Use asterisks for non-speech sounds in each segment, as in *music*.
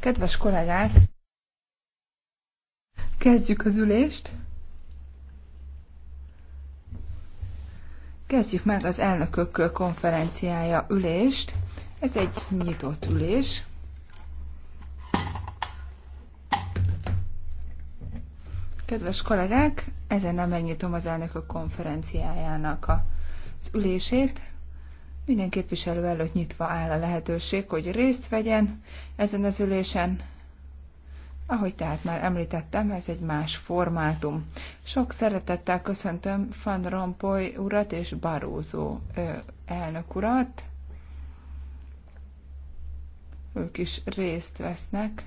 Kedves kollégák, kezdjük az ülést. Kezdjük meg az elnökök konferenciája ülést. Ez egy nyitott ülés. Kedves kollégák, ezen nem megnyitom az elnökök konferenciájának az ülését. Minden képviselő előtt nyitva áll a lehetőség, hogy részt vegyen ezen az ülésen. Ahogy tehát már említettem, ez egy más formátum. Sok szeretettel köszöntöm Van Rompuy urat és Barózó elnök urat. Ők is részt vesznek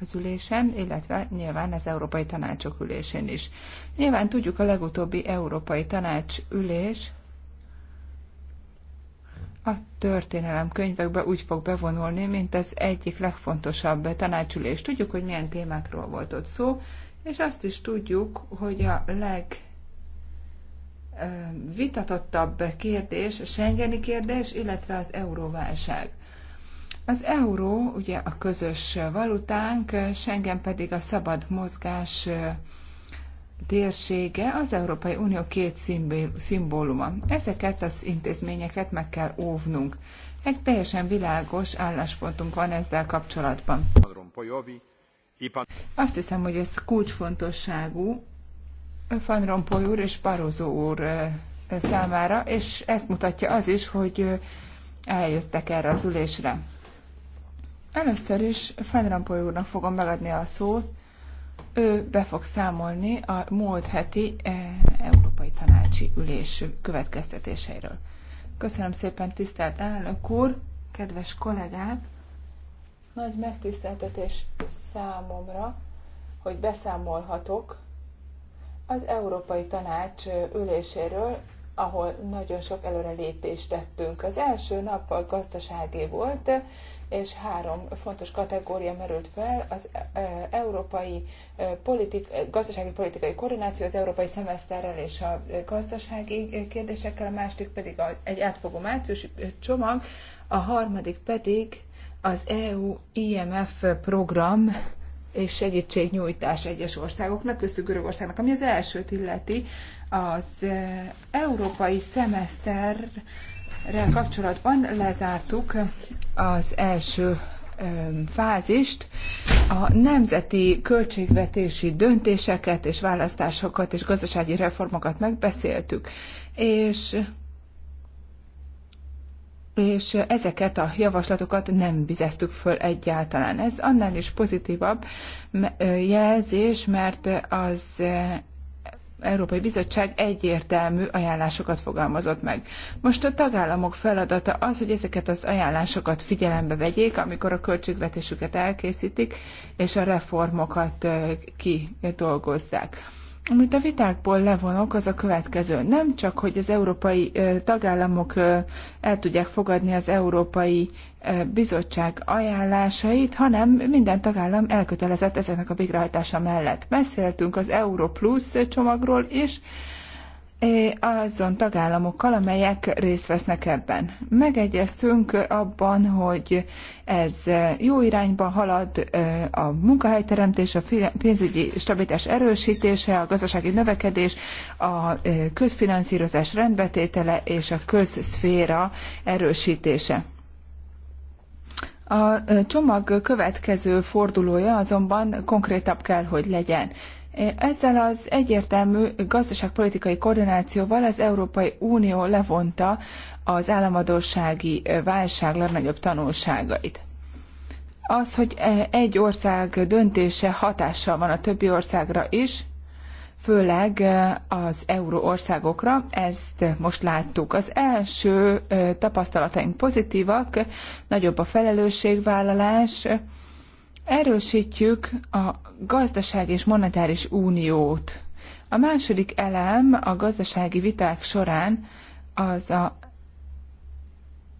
az ülésen, illetve nyilván az Európai Tanácsok ülésén is. Nyilván tudjuk, a legutóbbi Európai Tanács ülés a történelem könyvekbe úgy fog bevonulni, mint az egyik legfontosabb tanácsülés. Tudjuk, hogy milyen témákról volt ott szó, és azt is tudjuk, hogy a leg vitatottabb kérdés, a Schengeni kérdés, illetve az euróválság. Az euró ugye a közös valutánk, Schengen pedig a szabad mozgás térsége az Európai Unió két szimbóluma. Ezeket az intézményeket meg kell óvnunk. Egy teljesen világos álláspontunk van ezzel kapcsolatban. Azt hiszem, hogy ez kulcsfontosságú Van Rompuy úr és Barozó úr számára, és ezt mutatja az is, hogy eljöttek erre az ülésre. Először is Van Rompuy úrnak fogom megadni a szót, ő be fog számolni a múlt heti e, Európai Tanácsi Ülés következtetéseiről. Köszönöm szépen, tisztelt elnök úr, kedves kollégák! Nagy megtiszteltetés számomra, hogy beszámolhatok az Európai Tanács üléséről, ahol nagyon sok előrelépést tettünk. Az első nap a gazdasági volt, és három fontos kategória merült fel, az e, e, európai e, politik, gazdasági politikai koordináció, az európai szemeszterrel és a gazdasági kérdésekkel, a második pedig egy átfogó március csomag, a harmadik pedig az EU IMF program, és segítségnyújtás egyes országoknak, köztük Görögországnak, ami az elsőt illeti, az eh, európai szemeszterrel kapcsolatban lezártuk az első eh, fázist, a nemzeti költségvetési döntéseket és választásokat és gazdasági reformokat megbeszéltük, és és ezeket a javaslatokat nem bizeztük föl egyáltalán. Ez annál is pozitívabb jelzés, mert az Európai Bizottság egyértelmű ajánlásokat fogalmazott meg. Most a tagállamok feladata az, hogy ezeket az ajánlásokat figyelembe vegyék, amikor a költségvetésüket elkészítik, és a reformokat kidolgozzák. Amit a vitákból levonok, az a következő. Nem csak, hogy az európai tagállamok el tudják fogadni az Európai Bizottság ajánlásait, hanem minden tagállam elkötelezett ezeknek a végrehajtása mellett. Beszéltünk az Euro Plus csomagról is, azon tagállamokkal, amelyek részt vesznek ebben. Megegyeztünk abban, hogy ez jó irányba halad, a munkahelyteremtés, a pénzügyi stabilitás erősítése, a gazdasági növekedés, a közfinanszírozás rendbetétele és a közszféra erősítése. A csomag következő fordulója azonban konkrétabb kell, hogy legyen. Ezzel az egyértelmű gazdaságpolitikai koordinációval az Európai Unió levonta az államadósági válság legnagyobb tanulságait. Az, hogy e, egy ország döntése hatással van a többi országra is, főleg az euró országokra, ezt most láttuk. Az első tapasztalataink pozitívak, nagyobb a felelősségvállalás, Erősítjük a gazdaság és monetáris uniót. A második elem a gazdasági viták során az a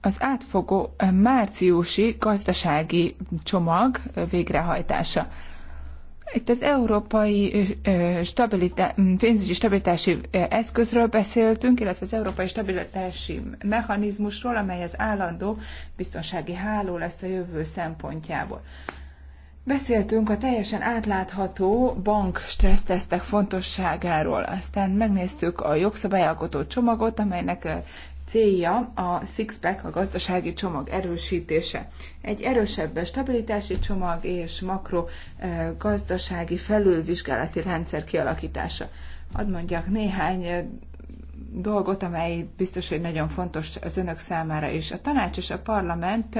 az átfogó márciusi gazdasági csomag végrehajtása. Itt az európai stabilitá- pénzügyi stabilitási eszközről beszéltünk, illetve az európai stabilitási mechanizmusról, amely az állandó biztonsági háló lesz a jövő szempontjából. Beszéltünk a teljesen átlátható bank stressztesztek fontosságáról, aztán megnéztük a jogszabályalkotó csomagot, amelynek eh, célja a Sixpack a gazdasági csomag erősítése. Egy erősebb stabilitási csomag és makro eh, gazdasági felülvizsgálati rendszer kialakítása. Hadd mondjak néhány eh, dolgot, amely biztos, hogy nagyon fontos az önök számára is. A tanács és a parlament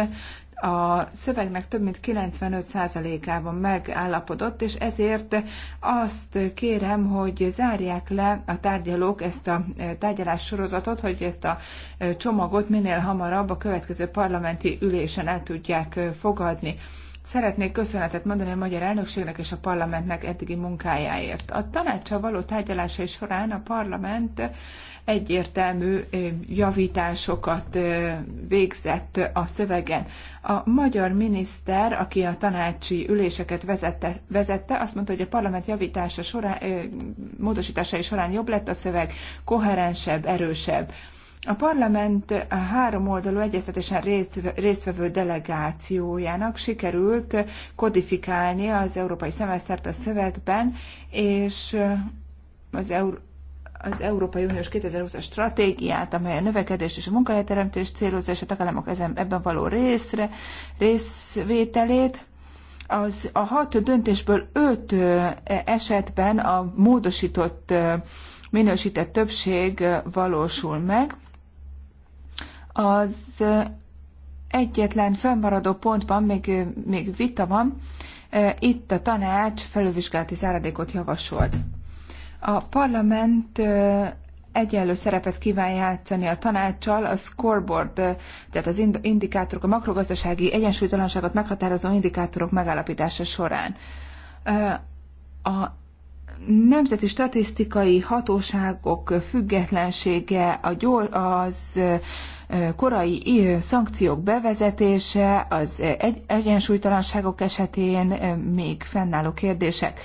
a szövegnek több mint 95%-ában megállapodott, és ezért azt kérem, hogy zárják le a tárgyalók ezt a e, tárgyalás sorozatot, hogy ezt a e, csomagot minél hamarabb a következő parlamenti ülésen el tudják e, fogadni. Szeretnék köszönetet mondani a magyar elnökségnek és a parlamentnek eddigi munkájáért. A tanácsa való tárgyalásai során a parlament egyértelmű javításokat végzett a szövegen. A magyar miniszter, aki a tanácsi üléseket vezette, vezette azt mondta, hogy a parlament javítása során, módosításai során jobb lett a szöveg, koherensebb, erősebb. A parlament a három oldalú egyeztetésen résztvevő delegációjának sikerült kodifikálni az európai szemesztert a szövegben, és az, Eur- az Európai Uniós 2020-as stratégiát, amely a növekedés és a munkahelyteremtés célozza, és a tagállamok ebben való részre, részvételét. Az, a hat döntésből öt esetben a módosított minősített többség valósul meg az egyetlen fennmaradó pontban még, még vita van, itt a tanács felülvizsgálati záradékot javasolt. A parlament egyenlő szerepet kíván játszani a tanácssal, a scoreboard, tehát az indikátorok, a makrogazdasági egyensúlytalanságot meghatározó indikátorok megállapítása során. A nemzeti statisztikai hatóságok függetlensége, a gyors, az korai szankciók bevezetése, az e, egy, egyensúlytalanságok esetén e, még fennálló kérdések.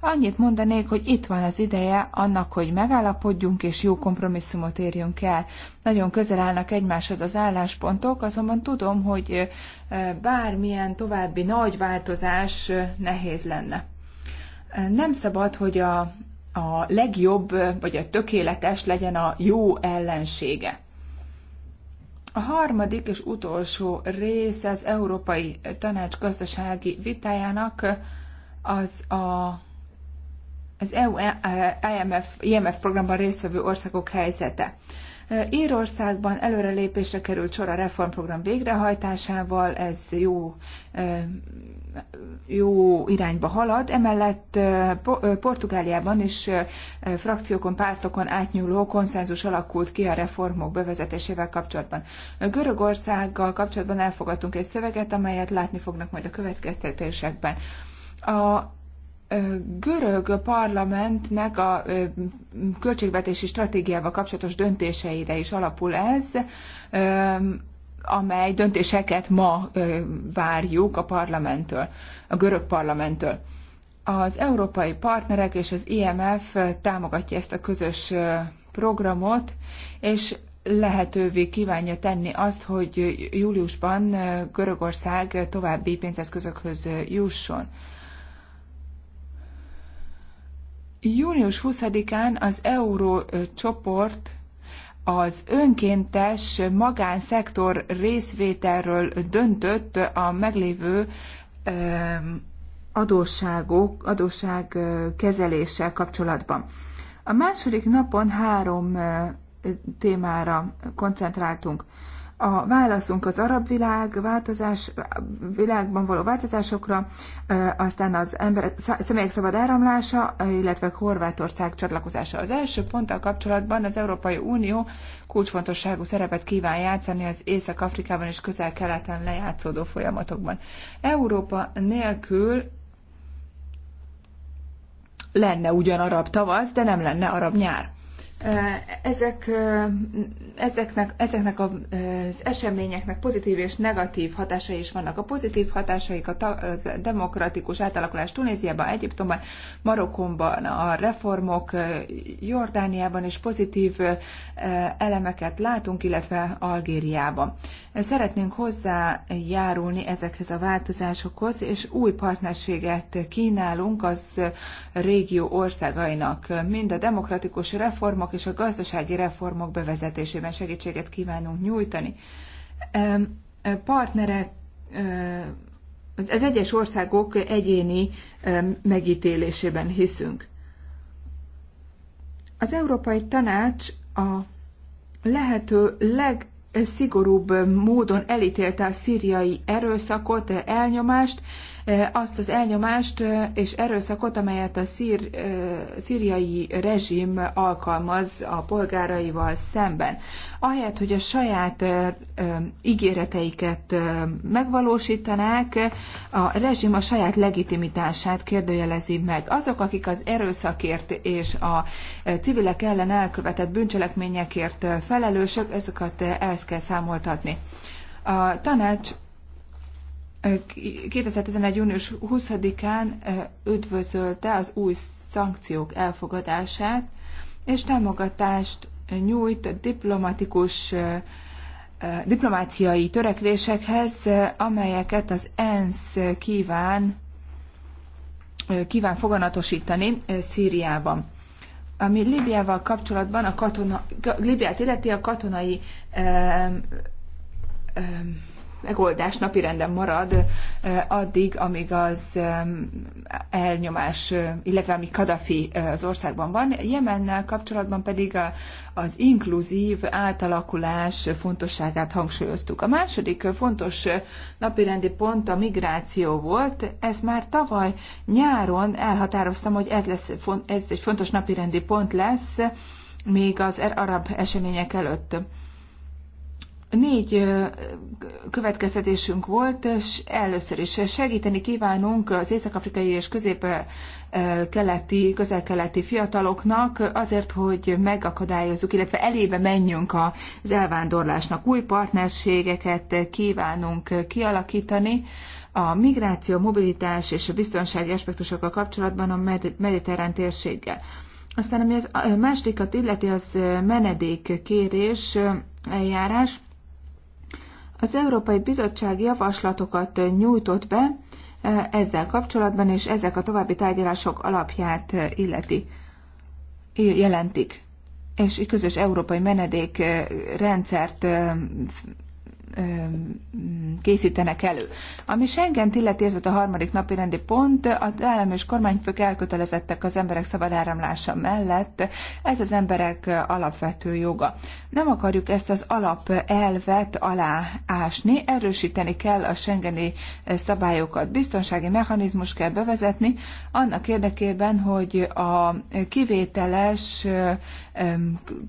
Annyit mondanék, hogy itt van az ideje annak, hogy megállapodjunk és jó kompromisszumot érjünk el. Nagyon közel állnak egymáshoz az álláspontok, azonban tudom, hogy e, bármilyen további nagy változás nehéz lenne. Nem szabad, hogy a, a legjobb vagy a tökéletes legyen a jó ellensége. A harmadik és utolsó rész az Európai Tanács gazdasági vitájának az a az EU e IMF, IMF programban résztvevő országok helyzete. Írországban előrelépésre került sor a reformprogram végrehajtásával, ez jó, jó irányba halad. Emellett Portugáliában is frakciókon, pártokon átnyúló konszenzus alakult ki a reformok bevezetésével kapcsolatban. Görögországgal kapcsolatban elfogadtunk egy szöveget, amelyet látni fognak majd a következtetésekben. A görög parlamentnek a költségvetési stratégiával kapcsolatos döntéseire is alapul ez, amely döntéseket ma várjuk a parlamenttől, a görög parlamenttől. Az európai partnerek és az IMF támogatja ezt a közös programot, és lehetővé kívánja tenni azt, hogy júliusban Görögország további pénzeszközökhöz jusson. Június 20-án az Euró csoport az önkéntes magánszektor részvételről döntött a meglévő adósságok, adósság kezeléssel kapcsolatban. A második napon három témára koncentráltunk a válaszunk az arab világ változás, világban való változásokra, aztán az ember, személyek szabad áramlása, illetve Horvátország csatlakozása. Az első ponttal kapcsolatban az Európai Unió kulcsfontosságú szerepet kíván játszani az Észak-Afrikában és közel-keleten lejátszódó folyamatokban. Európa nélkül lenne ugyan arab tavasz, de nem lenne arab nyár. Ezek, ezeknek, ezeknek az eseményeknek pozitív és negatív hatásai is vannak. A pozitív hatásaik a, demokratikus átalakulás Tunéziában, Egyiptomban, Marokkomban, a reformok Jordániában is pozitív elemeket látunk, illetve Algériában. Szeretnénk hozzájárulni ezekhez a változásokhoz, és új partnerséget kínálunk az régió országainak. Mind a demokratikus reformok és a gazdasági reformok bevezetésében segítséget kívánunk nyújtani. Partnerek az egyes országok egyéni megítélésében hiszünk. Az Európai Tanács a lehető leg szigorúbb módon elítélte a szíriai erőszakot, elnyomást, azt az elnyomást és erőszakot, amelyet a szír, szíriai rezsim alkalmaz a polgáraival szemben. Ahelyett, hogy a saját ígéreteiket megvalósítanák, a rezsim a saját legitimitását kérdőjelezi meg. Azok, akik az erőszakért és a civilek ellen elkövetett bűncselekményekért felelősök, ezeket ezt kell számoltatni. A tanács 2011. június 20-án üdvözölte az új szankciók elfogadását, és támogatást nyújt a diplomatikus diplomáciai törekvésekhez, amelyeket az ENSZ kíván, kíván foganatosítani Szíriában. Ami Líbiával kapcsolatban a katona, Líbiát illeti a katonai um, um, megoldás napirenden marad addig, amíg az elnyomás, illetve amíg Kadafi az országban van. Jemennel kapcsolatban pedig az inkluzív átalakulás fontosságát hangsúlyoztuk. A második fontos napirendi pont a migráció volt. Ez már tavaly nyáron elhatároztam, hogy ez, lesz, ez egy fontos napirendi pont lesz, még az er-, arab események előtt. Négy következtetésünk volt, és először is segíteni kívánunk az észak-afrikai és közép-keleti, közel-keleti fiataloknak azért, hogy megakadályozzuk, illetve elébe menjünk az elvándorlásnak. Új partnerségeket kívánunk kialakítani, a migráció, mobilitás és a biztonsági aspektusokkal kapcsolatban a mediterrán térséggel. Aztán ami az másodikat illeti, az menedékkérés eljárás. Az Európai Bizottság javaslatokat nyújtott be e, ezzel kapcsolatban, és ezek a további tárgyalások alapját e, illeti, jelentik és egy közös európai menedékrendszert e, Mm, készítenek elő. Ami Schengen illeti, ez volt a harmadik napi rendi pont, az állam és kormányfők elkötelezettek az emberek szabad áramlása mellett, ez az emberek alapvető joga. Nem akarjuk ezt az alapelvet aláásni, erősíteni kell a Schengeni szabályokat, biztonsági mechanizmus kell bevezetni, annak érdekében, hogy a kivételes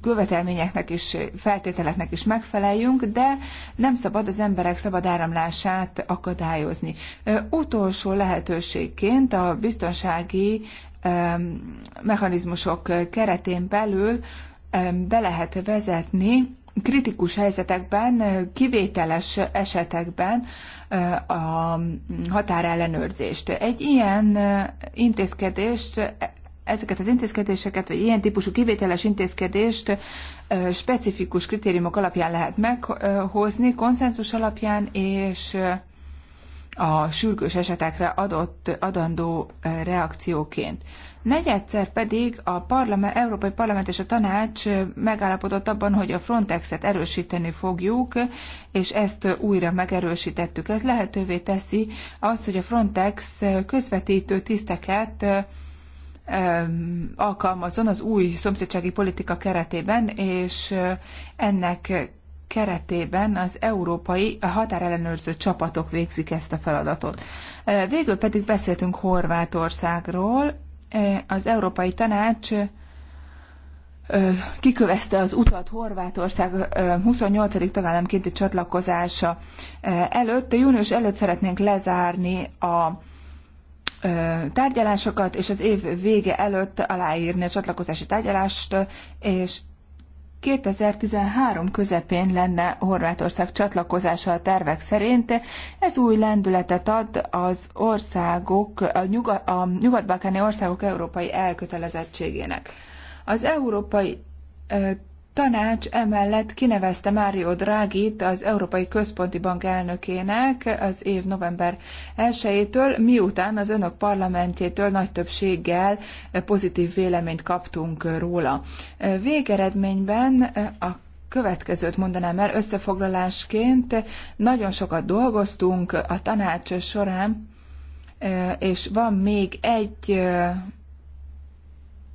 követelményeknek és feltételeknek is megfeleljünk, de nem szabad az emberek szabad áramlását akadályozni. Utolsó lehetőségként a biztonsági mechanizmusok keretén belül be lehet vezetni kritikus helyzetekben, kivételes esetekben a határellenőrzést. Egy ilyen intézkedést ezeket az intézkedéseket, vagy ilyen típusú kivételes intézkedést specifikus kritériumok alapján lehet meghozni, konszenzus alapján, és a sürgős esetekre adott adandó reakcióként. Negyedszer pedig a parlament, Európai Parlament és a Tanács megállapodott abban, hogy a Frontexet erősíteni fogjuk, és ezt újra megerősítettük. Ez lehetővé teszi azt, hogy a Frontex közvetítő tiszteket alkalmazzon az új szomszédsági politika keretében, és ennek keretében az európai határellenőrző csapatok végzik ezt a feladatot. Végül pedig beszéltünk Horvátországról. Az Európai Tanács kikövezte az utat Horvátország 28. tagállamkénti csatlakozása előtt. Június előtt szeretnénk lezárni a tárgyalásokat, és az év vége előtt aláírni a csatlakozási tárgyalást, és 2013 közepén lenne Horvátország csatlakozása a tervek szerint. Ez új lendületet ad az országok, a, nyugat, a nyugat-balkáni országok európai elkötelezettségének. Az európai tanács emellett kinevezte Mário Drágit az Európai Központi Bank elnökének az év november 1-től, miután az önök parlamentjétől nagy többséggel pozitív véleményt kaptunk róla. Végeredményben a következőt mondanám el összefoglalásként. Nagyon sokat dolgoztunk a tanács során, és van még egy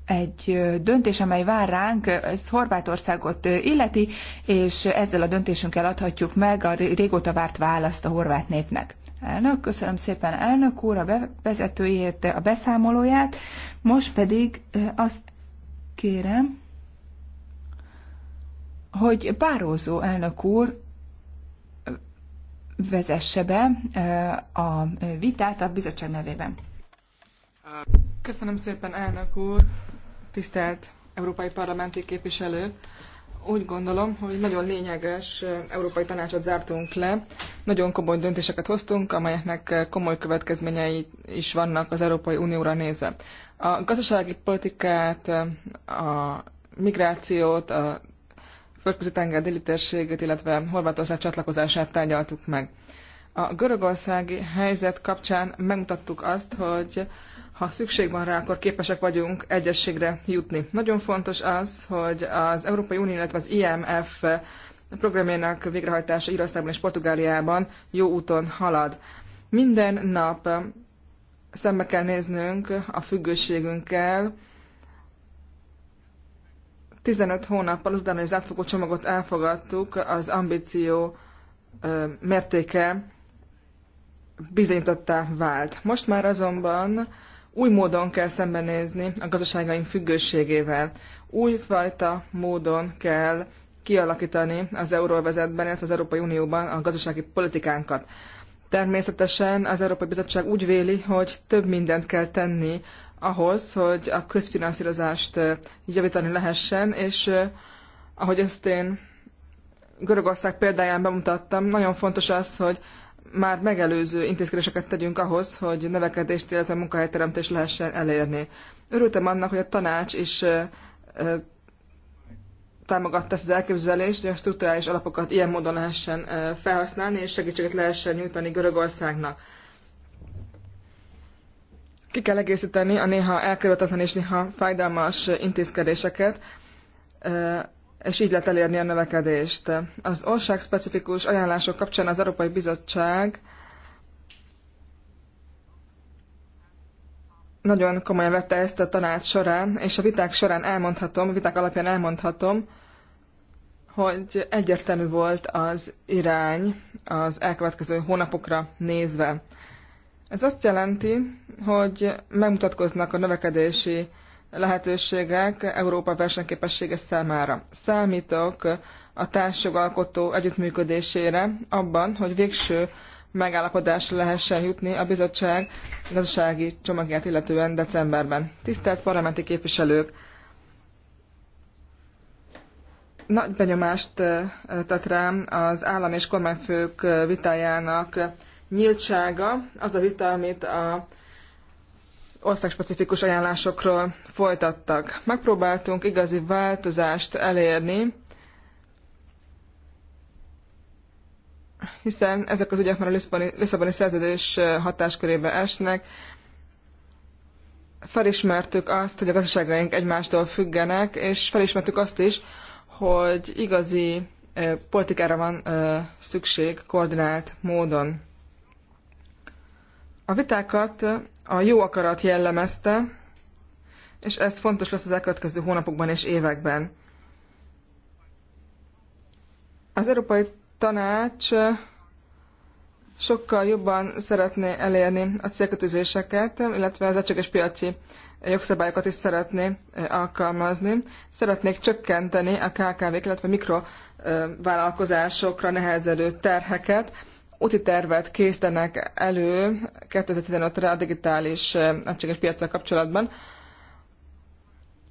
egy döntés, amely vár ránk, ez Horvátországot illeti, és ezzel a döntésünkkel adhatjuk meg a régóta várt választ a horvát népnek. Elnök, köszönöm szépen elnök úr a bevezetőjét, a beszámolóját. Most pedig azt kérem, hogy Bárózó elnök úr vezesse be a vitát a bizottság nevében. Köszönöm szépen, elnök úr! tisztelt európai parlamenti képviselő! Úgy gondolom, hogy nagyon lényeges európai tanácsot zártunk le. Nagyon komoly döntéseket hoztunk, amelyeknek komoly következményei is vannak az Európai Unióra nézve. A gazdasági politikát, a migrációt, a földközi tenger déli térségét, illetve Horvátország csatlakozását tárgyaltuk meg. A görögországi helyzet kapcsán megmutattuk azt, hogy ha szükség van rá, akkor képesek vagyunk egyességre jutni. Nagyon fontos az, hogy az Európai Unió, illetve az IMF programjának végrehajtása Írországban és Portugáliában jó úton halad. Minden nap szembe kell néznünk a függőségünkkel. 15 hónappal azután, hogy az átfogó csomagot elfogadtuk, az ambíció mértéke bizonyítottá vált. Most már azonban új módon kell szembenézni a gazdaságaink függőségével. Újfajta módon kell kialakítani az euróvezetben, illetve az Európai Unióban a gazdasági politikánkat. Természetesen az Európai Bizottság úgy véli, hogy több mindent kell tenni ahhoz, hogy a közfinanszírozást eh, javítani lehessen, és eh, ahogy ezt én Görögország példáján bemutattam, nagyon fontos az, hogy már megelőző intézkedéseket tegyünk ahhoz, hogy növekedést, illetve munkahelyteremtést lehessen elérni. Örültem annak, hogy a tanács is támogatta ezt az elképzelést, hogy a struktúrális alapokat ilyen módon lehessen felhasználni, és segítséget lehessen nyújtani Görögországnak. Ki kell egészíteni a néha elkerülhetetlen és néha fájdalmas intézkedéseket, és így lehet elérni a növekedést. Az ország specifikus ajánlások kapcsán az Európai Bizottság nagyon komolyan vette ezt a tanács során, és a viták során elmondhatom, viták alapján elmondhatom, hogy egyértelmű volt az irány az elkövetkező hónapokra nézve. Ez azt jelenti, hogy megmutatkoznak a növekedési lehetőségek Európa versenyképessége számára. Számítok a társjogalkotó együttműködésére abban, hogy végső megállapodásra lehessen jutni a bizottság gazdasági csomagját illetően decemberben. Tisztelt parlamenti képviselők! Nagy benyomást eh, tett rám az állam és kormányfők eh, vitájának nyíltsága, az a vita, amit a országspecifikus ajánlásokról folytattak. Megpróbáltunk igazi változást elérni, hiszen ezek az ügyek már a Lisszaboni, szerződés hatáskörébe esnek. Felismertük azt, hogy a gazdaságaink egymástól függenek, és felismertük azt is, hogy igazi politikára van szükség koordinált módon. A vitákat a jó akarat jellemezte, és ez fontos lesz az elkövetkező hónapokban és években. Az Európai Tanács sokkal jobban szeretné elérni a célkötözéseket, illetve az egységes piaci jogszabályokat is szeretné alkalmazni. Szeretnék csökkenteni a KKV-k, illetve mikrovállalkozásokra nehezedő terheket, úti tervet készítenek elő 2015-re a digitális eh, egységes piacsal kapcsolatban.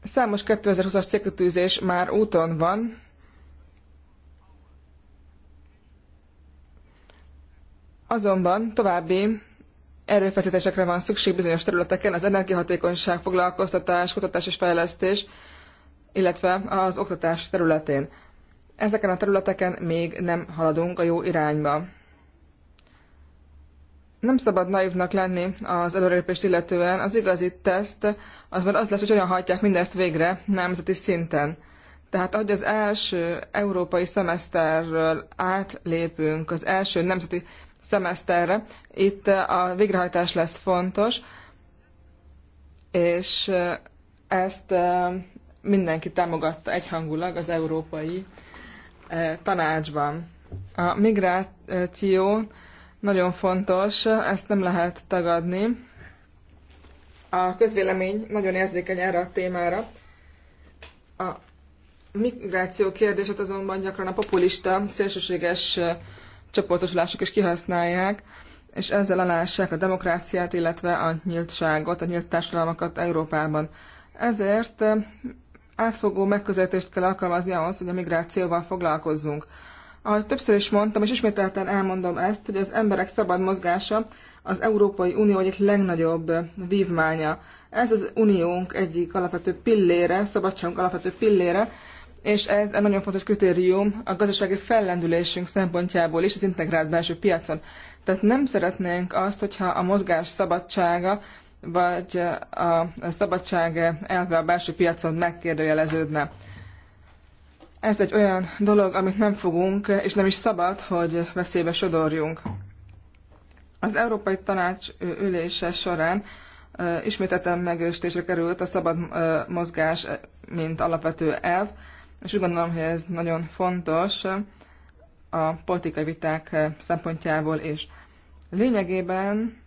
Számos 2020-as célkötőzés már úton van, Azonban további erőfeszítésekre van szükség bizonyos területeken, az energiahatékonyság, foglalkoztatás, kutatás és fejlesztés, illetve az oktatás területén. Ezeken a területeken még nem haladunk a jó irányba nem szabad naívnak lenni az előrelépést illetően. Az igazi teszt az már az lesz, hogy hogyan hajtják mindezt végre nemzeti szinten. Tehát ahogy az első európai szemeszterről átlépünk az első nemzeti szemeszterre, itt a végrehajtás lesz fontos, és ezt mindenki támogatta egyhangulag az európai tanácsban. A migráció nagyon fontos, ezt nem lehet tagadni. A közvélemény nagyon érzékeny erre a témára. A migráció kérdését azonban gyakran a populista, szélsőséges csoportosulások is kihasználják, és ezzel alássák a demokráciát, illetve a nyíltságot, a nyílt társadalmakat Európában. Ezért átfogó megközelítést kell alkalmazni ahhoz, hogy a migrációval foglalkozzunk. Ahogy többször is mondtam, és ismételten elmondom ezt, hogy az emberek szabad mozgása az Európai Unió egyik legnagyobb vívmánya. Ez az uniónk egyik alapvető pillére, szabadságunk alapvető pillére, és ez egy nagyon fontos kritérium a gazdasági fellendülésünk szempontjából is az integrált belső piacon. Tehát nem szeretnénk azt, hogyha a mozgás szabadsága vagy a szabadság elve a belső piacon megkérdőjeleződne. Ez egy olyan dolog, amit nem fogunk, és nem is szabad, hogy veszélybe sodorjunk. Az Európai Tanács ülése során ismételten megőstésre került a szabad mozgás, mint alapvető elv, és úgy gondolom, hogy ez nagyon fontos a politikai viták szempontjából is. Lényegében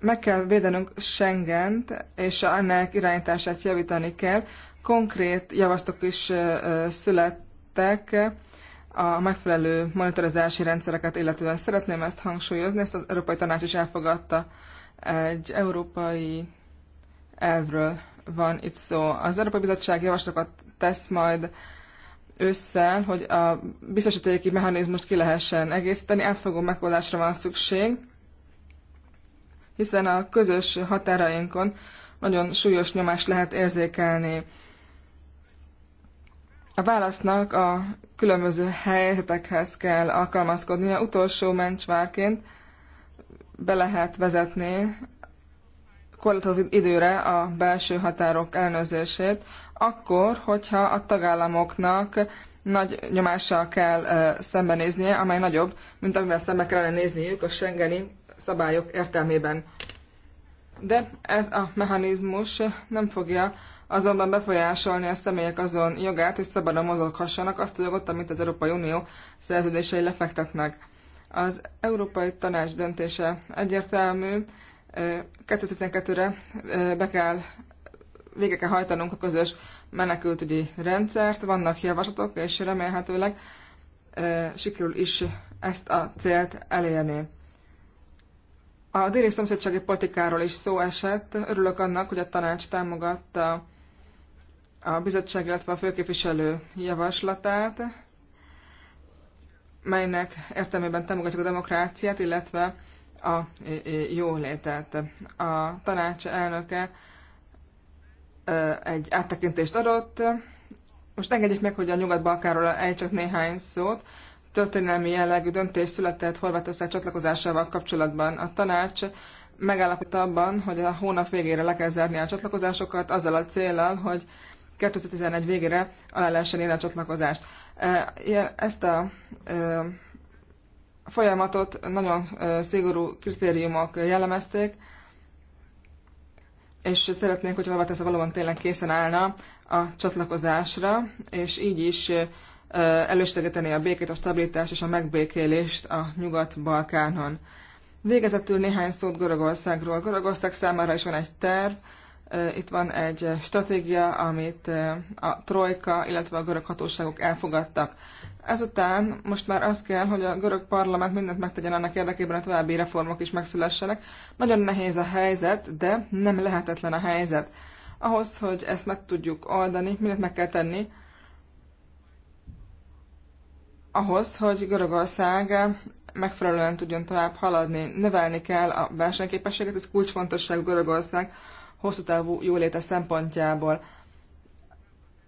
meg kell védenünk Schengent, és ennek irányítását javítani kell, konkrét javaslatok is születtek a megfelelő monitorozási rendszereket, illetően szeretném ezt hangsúlyozni, ezt az Európai Tanács is elfogadta. Egy európai elvről van itt szó. Az Európai Bizottság javaslatokat tesz majd össze, hogy a biztosítéki mechanizmust ki lehessen egészíteni, átfogó megoldásra van szükség, hiszen a közös határainkon nagyon súlyos nyomást lehet érzékelni. A válasznak a különböző helyzetekhez kell alkalmazkodnia. Utolsó mencsvárként be lehet vezetni korlátozott időre a belső határok ellenőrzését, akkor, hogyha a tagállamoknak nagy nyomással kell szembenéznie, amely nagyobb, mint amivel szembe kellene nézniük a Schengeni szabályok értelmében. De ez a mechanizmus nem fogja azonban befolyásolni a személyek azon jogát, hogy szabadon mozoghassanak azt a jogot, amit az Európai Unió szerződései lefektetnek. Az Európai Tanács döntése egyértelmű, 2012-re be kell, vége kell hajtanunk a közös menekültügyi rendszert, vannak javaslatok, és remélhetőleg sikerül is ezt a célt elérni. A déli szomszédsági politikáról is szó esett. Örülök annak, hogy a tanács támogatta a bizottság, illetve a főképviselő javaslatát, melynek értelmében támogatjuk a demokráciát, illetve a jólétet. A tanács elnöke egy áttekintést adott. Most engedjék meg, hogy a Nyugat-Balkáról csak néhány szót. Történelmi jellegű döntés született Horvátország csatlakozásával kapcsolatban. A tanács megállapította abban, hogy a hónap végére le kell zárni a csatlakozásokat, azzal a célral, hogy 2011 végére alá lehessen élni a csatlakozást. E, ezt a e, folyamatot nagyon e, szigorú kritériumok jellemezték, és szeretnénk, hogy Horvátország valóban tényleg készen állna a csatlakozásra, és így is elősegíteni a békét, a stabilitást és a megbékélést a Nyugat-Balkánon. Végezetül néhány szót Görögországról. Görögország számára is van egy terv, itt van egy stratégia, amit a trojka, illetve a görög hatóságok elfogadtak. Ezután most már az kell, hogy a görög parlament mindent megtegyen annak érdekében, hogy további reformok is megszülessenek. Nagyon nehéz a helyzet, de nem lehetetlen a helyzet. Ahhoz, hogy ezt meg tudjuk oldani, mindent meg kell tenni, ahhoz, hogy Görögország megfelelően tudjon tovább haladni. Növelni kell a versenyképességet, ez kulcsfontosság Görögország hosszú távú jóléte szempontjából.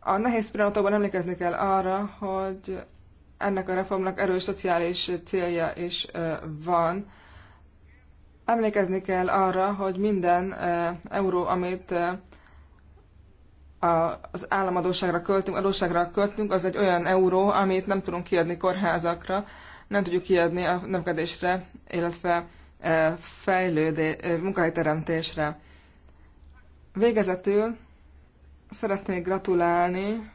A nehéz pillanatokban emlékezni kell arra, hogy ennek a reformnak erős szociális célja is van. Emlékezni kell arra, hogy minden euró, amit az államadóságra költünk, adósságra költünk, az egy olyan euró, amit nem tudunk kiadni kórházakra, nem tudjuk kiadni a növekedésre, illetve fejlődé, munkahelyteremtésre. Végezetül szeretnék gratulálni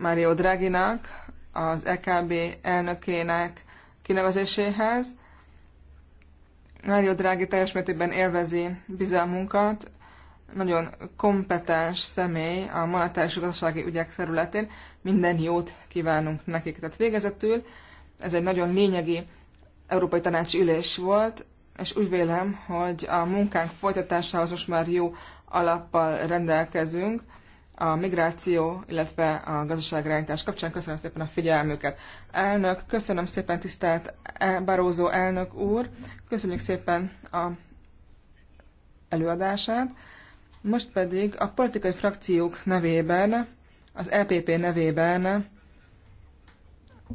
Mário Draginak az EKB elnökének kinevezéséhez. Mário Draghi teljes mértékben élvezi bizalmunkat, nagyon kompetens személy a monetáris gazdasági ügyek területén, minden jót kívánunk nekik. Tehát végezetül ez egy nagyon lényegi európai tanács ülés volt, és úgy vélem, hogy a munkánk folytatásához most már jó alappal rendelkezünk a migráció, illetve a gazdaságrányítás kapcsán. Köszönöm szépen a figyelmüket. Elnök, köszönöm szépen tisztelt e, Barózó elnök úr, köszönjük szépen a előadását. Most pedig a politikai frakciók nevében, az EPP nevében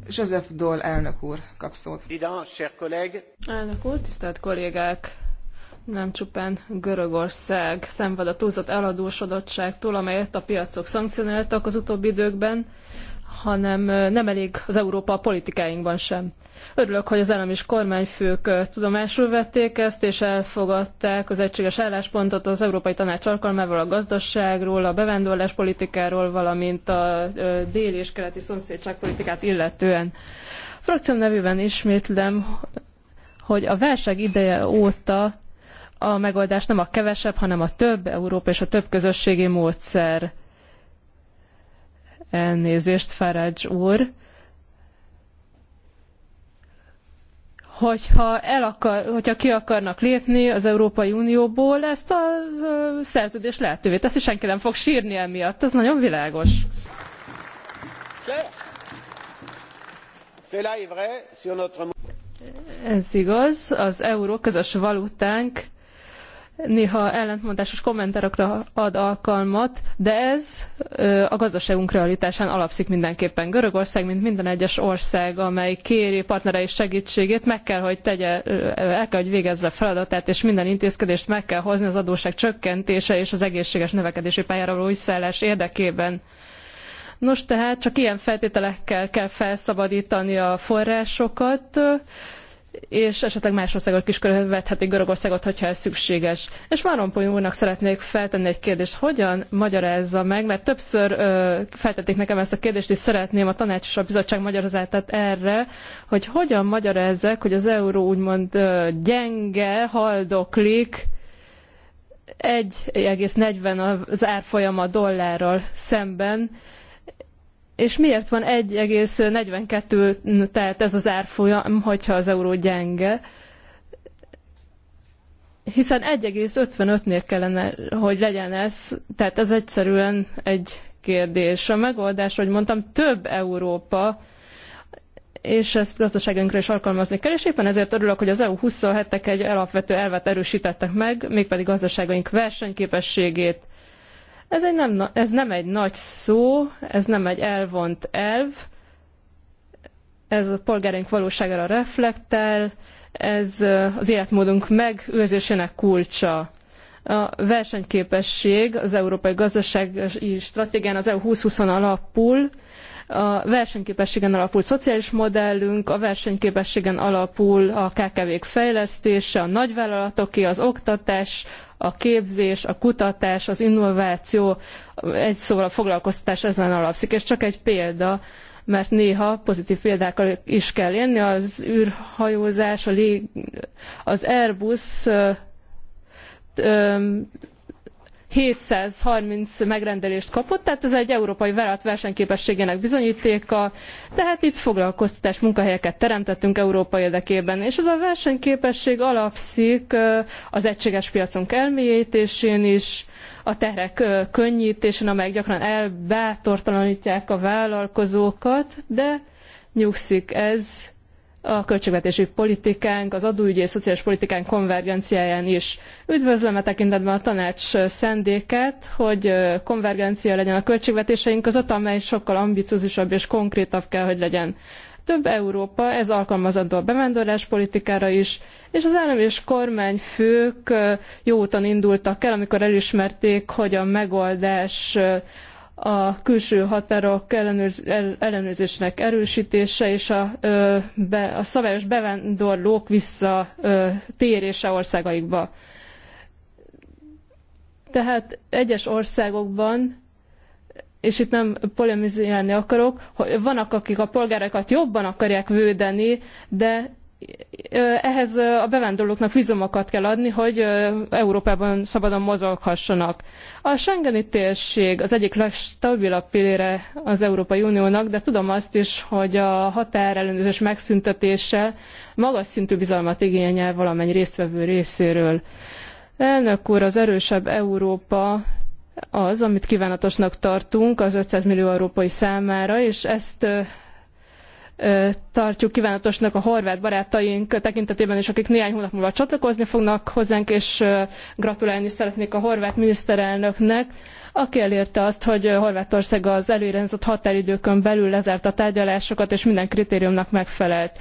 Joseph Dole elnök úr kap szót. Elnök úr, tisztelt kollégák! nem csupán Görögország szenved a túlzott eladósodottságtól, amelyet a piacok szankcionáltak az utóbbi időkben, hanem nem elég az Európa politikáinkban sem. Örülök, hogy az állam és kormányfők tudomásul vették ezt, és elfogadták az egységes álláspontot az Európai Tanács alkalmával a gazdaságról, a bevándorlás politikáról, valamint a déli és keleti szomszédságpolitikát illetően. A frakcióm nevében ismétlem, hogy a válság ideje óta a megoldás nem a kevesebb, hanem a több Európa és a több közösségi módszer elnézést, Farage úr, hogyha, el akar, hogyha ki akarnak lépni az Európai Unióból, ezt a szerződés lehetővé teszi, senki nem fog sírni emiatt, ez nagyon világos. Ez igaz, az euró közös valutánk néha ellentmondásos kommentárokra ad alkalmat, de ez a gazdaságunk realitásán alapszik mindenképpen. Görögország, mint minden egyes ország, amely kéri partnerei segítségét, meg kell, hogy tegye, el kell, hogy végezze feladatát, és minden intézkedést meg kell hozni az adósság csökkentése és az egészséges növekedési pályára való visszaállás érdekében. Nos, tehát csak ilyen feltételekkel kell felszabadítani a forrásokat, és esetleg más országok is követhetik Görögországot, hogyha ez szükséges. És Van Rompuy úrnak szeretnék feltenni egy kérdést, hogyan magyarázza meg, mert többször ö, feltették nekem ezt a kérdést, és szeretném a tanács és a bizottság magyarázatát erre, hogy hogyan magyarázzák, hogy az euró úgymond ö, gyenge, haldoklik, 1,40 az árfolyama dollárral szemben, és miért van 1,42, tehát ez az árfolyam, hogyha az euró gyenge? Hiszen 1,55-nél kellene, hogy legyen ez, tehát ez egyszerűen egy kérdés. A megoldás, hogy mondtam, több Európa, és ezt gazdaságunkra is alkalmazni kell, és éppen ezért örülök, hogy az EU 27-ek egy alapvető elvet erősítettek meg, mégpedig gazdaságaink versenyképességét, ez, egy nem, ez nem egy nagy szó, ez nem egy elvont elv, ez a polgáraink valóságára reflektál, ez az életmódunk megőrzésének kulcsa. A versenyképesség az európai gazdasági stratégián az EU 2020-on alapul, a versenyképességen alapul szociális modellünk, a versenyképességen alapul a KKV-k fejlesztése, a nagyvállalatoké, az oktatás, a képzés, a kutatás, az innováció, egy szóval a foglalkoztatás ezen alapszik. És csak egy példa, mert néha pozitív példákkal is kell élni, az űrhajózás, a lég, az Airbus ö, ö, 730 megrendelést kapott, tehát ez egy európai vállalat versenyképességének bizonyítéka, tehát itt foglalkoztatás munkahelyeket teremtettünk Európa érdekében, és ez a versenyképesség alapszik az egységes piacunk elmélyítésén is, a terek könnyítésén, amelyek gyakran elbátortalanítják a vállalkozókat, de nyugszik ez a költségvetési politikánk, az adóügyi és szociális politikánk konvergenciáján is. Üdvözlöm a e tekintetben a tanács szendéket, hogy konvergencia legyen a költségvetéseink között, amely sokkal ambiciózusabb és konkrétabb kell, hogy legyen több Európa, ez alkalmazandó a bevándorlás politikára is, és az állam és kormányfők jó úton indultak el, amikor elismerték, hogy a megoldás a külső határok ellenőrz, ellenőrzésének erősítése és a, be, a szabályos bevándorlók visszatérése országaikba. Tehát egyes országokban és itt nem polemizálni akarok, hogy vannak, akik a polgárokat jobban akarják védeni, de ehhez a bevándorlóknak vizumokat kell adni, hogy Európában szabadon mozoghassanak. A Schengeni térség az egyik legstabilabb pillére az Európai Uniónak, de tudom azt is, hogy a határellenőrzés megszüntetése magas szintű bizalmat igényel valamennyi résztvevő részéről. Elnök úr, az erősebb Európa az, amit kívánatosnak tartunk az 500 millió európai számára, és ezt tartjuk kívánatosnak a horvát barátaink tekintetében is, akik néhány hónap múlva csatlakozni fognak hozzánk, és gratulálni szeretnék a horvát miniszterelnöknek, aki elérte azt, hogy Horvátország az előirányzott határidőkön belül lezárt a tárgyalásokat, és minden kritériumnak megfelelt.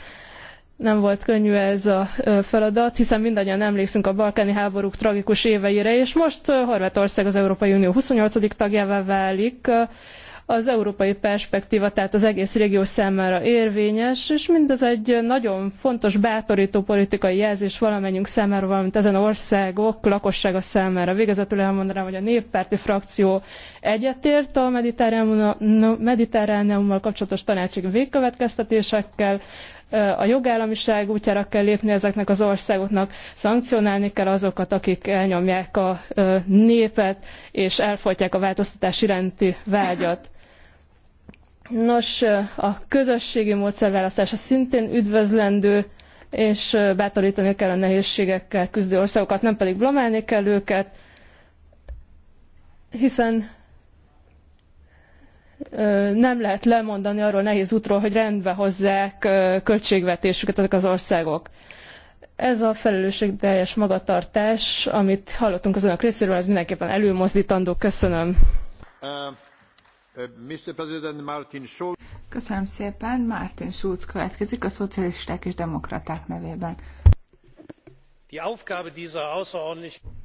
Nem volt könnyű ez a feladat, hiszen mindannyian emlékszünk a balkáni háborúk tragikus éveire, és most Horvátország az Európai Unió 28. tagjává válik, az európai perspektíva tehát az egész régió számára érvényes, és mindez egy nagyon fontos bátorító politikai jelzés valamennyünk számára, valamint ezen országok lakossága számára. Végezetül elmondanám, hogy a néppárti frakció egyetért a mediterráneummal kapcsolatos tanácsi végkövetkeztetésekkel, a jogállamiság útjára kell lépni ezeknek az országoknak, szankcionálni kell azokat, akik elnyomják a népet, és elfolytják a változtatás iránti vágyat. Nos, a közösségi módszer választása szintén üdvözlendő, és bátorítani kell a nehézségekkel küzdő országokat, nem pedig blamálni kell őket, hiszen nem lehet lemondani arról nehéz útról, hogy rendbe hozzák költségvetésüket ezek az országok. Ez a felelősségteljes magatartás, amit hallottunk az önök részéről, ez mindenképpen előmozdítandó. Köszönöm. Uh... Köszönöm szépen. Martin Schulz következik a szocialisták és demokraták nevében.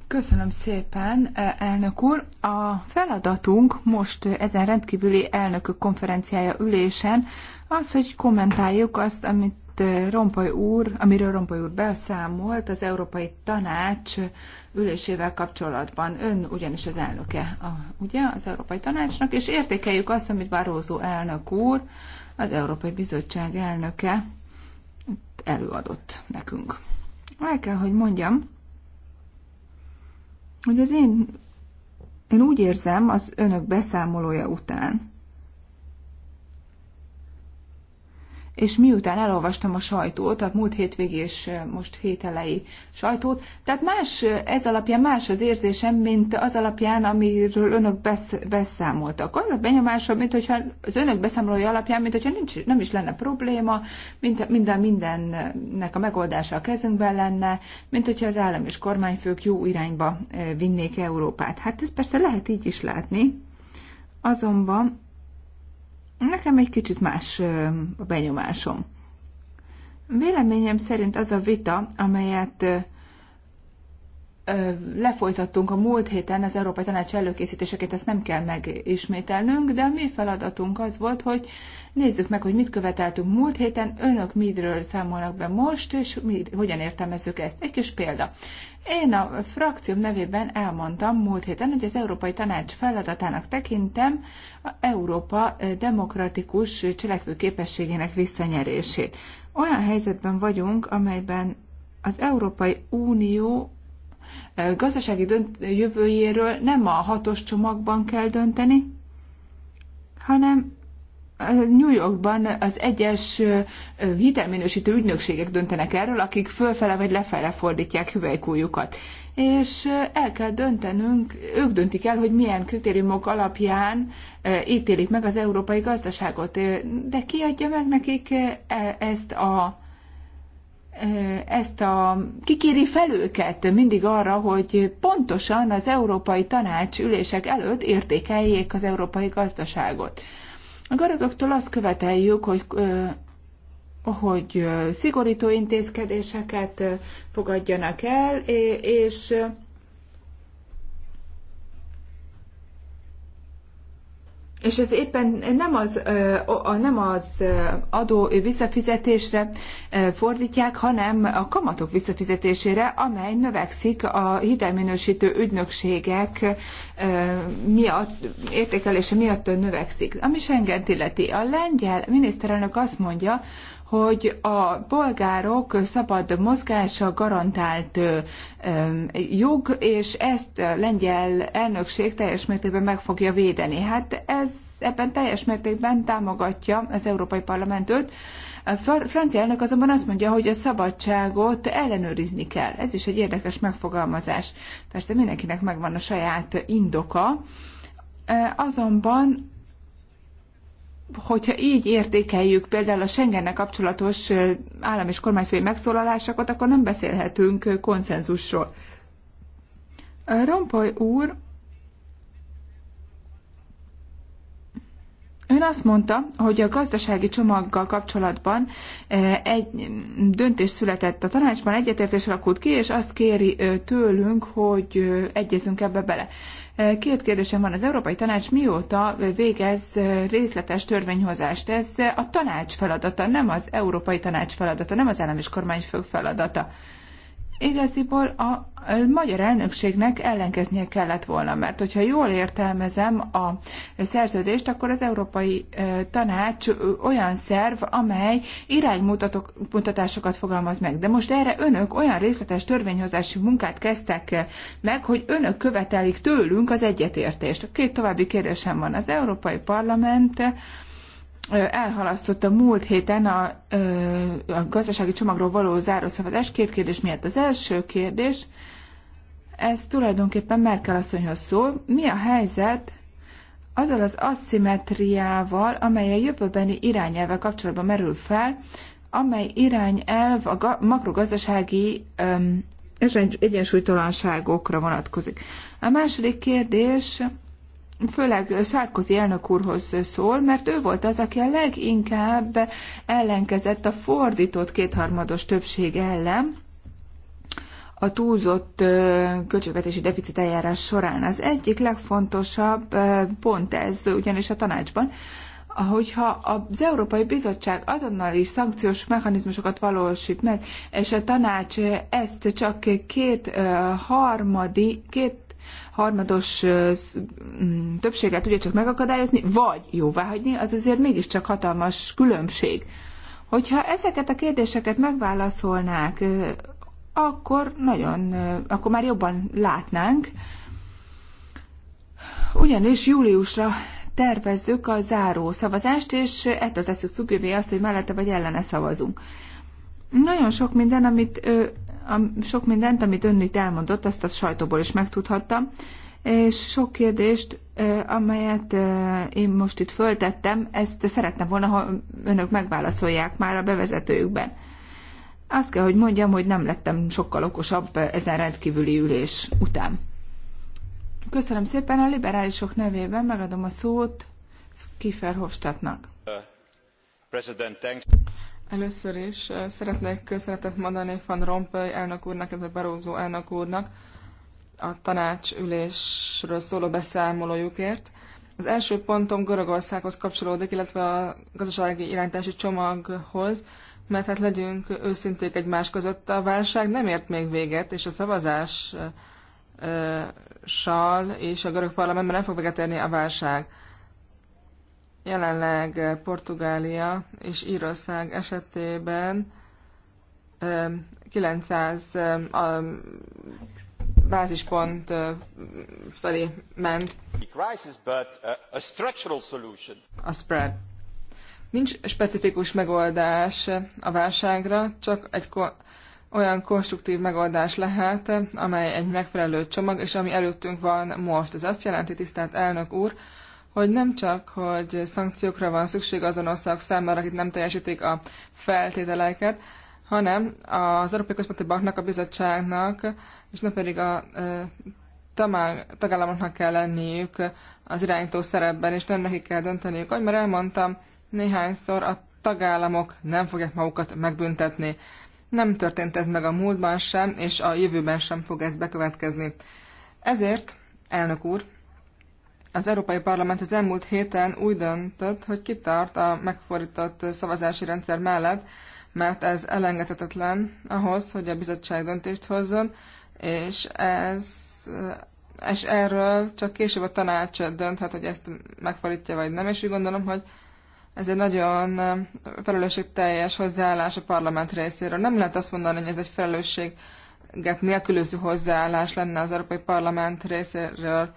Köszönöm szépen, e, elnök úr. A feladatunk most ezen rendkívüli elnökök konferenciája ülésen az, hogy kommentáljuk azt, amit amit eh, rompai úr, amiről rompai úr beszámolt az Európai Tanács ülésével kapcsolatban. Ön ugyanis az elnöke, a, ugye, az Európai Tanácsnak, és értékeljük azt, amit Barózó elnök úr, az Európai Bizottság elnöke előadott nekünk. El kell, hogy mondjam, hogy az én, én úgy érzem az önök beszámolója után, és miután elolvastam a sajtót, a múlt hétvégi és most hét elejé sajtót, tehát más, ez alapján más az érzésem, mint az alapján, amiről önök besz, beszámoltak. Az a benyomásom, mint hogyha az önök beszámolója alapján, mint hogyha nincs, nem is lenne probléma, mint minden mindennek a megoldása a kezünkben lenne, mint hogyha az állam és kormányfők jó irányba vinnék Európát. Hát ez persze lehet így is látni, azonban Nekem egy kicsit más a benyomásom. Véleményem szerint az a vita, amelyet lefolytattunk a múlt héten az Európai Tanács előkészítéseket, ezt nem kell megismételnünk, de a mi feladatunk az volt, hogy nézzük meg, hogy mit követeltünk múlt héten, önök midről számolnak be most, és mi, hogyan értelmezzük ezt. Egy kis példa. Én a frakcióm nevében elmondtam múlt héten, hogy az Európai Tanács feladatának tekintem a Európa demokratikus cselekvőképességének visszanyerését. Olyan helyzetben vagyunk, amelyben az Európai Unió gazdasági dönt- jövőjéről nem a hatos csomagban kell dönteni, hanem New Yorkban az egyes hitelminősítő ügynökségek döntenek erről, akik fölfele vagy lefele fordítják hüvelykújukat. És el kell döntenünk, ők döntik el, hogy milyen kritériumok alapján ítélik meg az európai gazdaságot. De ki adja meg nekik e, ezt a ezt a, kikéri fel őket mindig arra, hogy pontosan az Európai Tanács ülések előtt értékeljék az európai gazdaságot. A görögöktől azt követeljük, hogy hogy szigorító intézkedéseket fogadjanak el, és és ez éppen nem az, nem az adó visszafizetésre fordítják, hanem a kamatok visszafizetésére, amely növekszik a hitelminősítő ügynökségek miatt, értékelése miatt növekszik. Ami Schengent illeti, a lengyel miniszterelnök azt mondja, hogy a polgárok szabad mozgása garantált jog, és ezt a lengyel elnökség teljes mértékben meg fogja védeni. Hát ez ebben teljes mértékben támogatja az Európai Parlament A francia elnök azonban azt mondja, hogy a szabadságot ellenőrizni kell. Ez is egy érdekes megfogalmazás. Persze mindenkinek megvan a saját indoka, azonban hogyha így értékeljük például a Schengennel kapcsolatos állam és kormányfői megszólalásokat, akkor nem beszélhetünk konszenzusról. Rompoy úr Ön azt mondta, hogy a gazdasági csomaggal kapcsolatban eh, egy döntés született a tanácsban, egyetértés alakult ki, és azt kéri eh, tőlünk, hogy eh, egyezünk ebbe bele. Két kérdésem van. Az Európai Tanács mióta végez részletes törvényhozást? Ez a tanács feladata, nem az Európai Tanács feladata, nem az államis és kormányfők feladata igaziból a magyar elnökségnek ellenkeznie kellett volna, mert hogyha jól értelmezem a szerződést, akkor az Európai Tanács olyan szerv, amely iránymutatásokat fogalmaz meg. De most erre önök olyan részletes törvényhozási munkát kezdtek meg, hogy önök követelik tőlünk az egyetértést. Két további kérdésem van. Az Európai Parlament elhalasztotta múlt héten a, a gazdasági csomagról való zárószavazás. Két kérdés miatt. Az első kérdés, ez tulajdonképpen Merkel asszonyhoz szól. Mi a helyzet azzal az asszimetriával, amely a jövőbeni irányelvvel kapcsolatban merül fel, amely irányelv a makrogazdasági öm, egyensúlytalanságokra vonatkozik. A második kérdés főleg Sárkozi elnök úrhoz szól, mert ő volt az, aki a leginkább ellenkezett a fordított kétharmados többség ellen, a túlzott költségvetési deficit eljárás során. Az egyik legfontosabb pont ez, ugyanis a tanácsban, hogyha az Európai Bizottság azonnal is szankciós mechanizmusokat valósít meg, és a tanács ezt csak két harmadi, két harmados mm, többséget tudja csak megakadályozni, vagy jóváhagyni, az azért mégiscsak hatalmas különbség. Hogyha ezeket a kérdéseket megválaszolnák, akkor nagyon, akkor már jobban látnánk, ugyanis júliusra tervezzük a záró szavazást, és ettől tesszük függővé azt, hogy mellette vagy ellene szavazunk. Nagyon sok minden, amit a, sok mindent, amit ön itt elmondott, azt a sajtóból is megtudhattam, és sok kérdést, amelyet én most itt föltettem, ezt szerettem volna, ha önök megválaszolják már a bevezetőjükben. Azt kell, hogy mondjam, hogy nem lettem sokkal okosabb ezen rendkívüli ülés után. Köszönöm szépen a liberálisok nevében, megadom a szót Kiefer Hofstadtnak. Először is szeretnék köszönetet mondani Van Rompuy elnök úrnak, a Barózó elnök úrnak a tanácsülésről szóló beszámolójukért. Az első pontom Görögországhoz kapcsolódik, illetve a gazdasági irányítási csomaghoz, mert hát legyünk őszinték egymás között, a válság nem ért még véget, és a szavazással és a görög parlamentben nem fog véget érni a válság. Jelenleg eh, Portugália és Írország esetében 900 eh, eh, bázispont felé ment a spread. Nincs specifikus megoldás a válságra, csak egy olyan konstruktív megoldás lehet, amely egy megfelelő csomag, és ami előttünk van most. Ez azt jelenti, tisztelt elnök úr, hogy nem csak, hogy szankciókra van szükség azon országok számára, akik nem teljesítik a feltételeket, hanem az Európai Központi Banknak, a bizottságnak, és nem pedig a tagállamoknak kell lenniük az irányító szerepben, és nem nekik kell dönteniük. Ahogy már elmondtam, néhányszor a tagállamok nem fogják magukat megbüntetni. Nem történt ez meg a múltban sem, és a jövőben sem fog ez bekövetkezni. Ezért, elnök úr, az Európai Parlament az elmúlt héten úgy döntött, hogy kitart a megfordított szavazási rendszer mellett, mert ez elengedhetetlen ahhoz, hogy a bizottság döntést hozzon, és ez és erről csak később a tanács dönthet, hogy ezt megfordítja vagy nem, és úgy gondolom, hogy ez egy nagyon felelősségteljes hozzáállás a parlament részéről. Nem lehet azt mondani, hogy ez egy felelősséget nélkülöző hozzáállás lenne az Európai Parlament részéről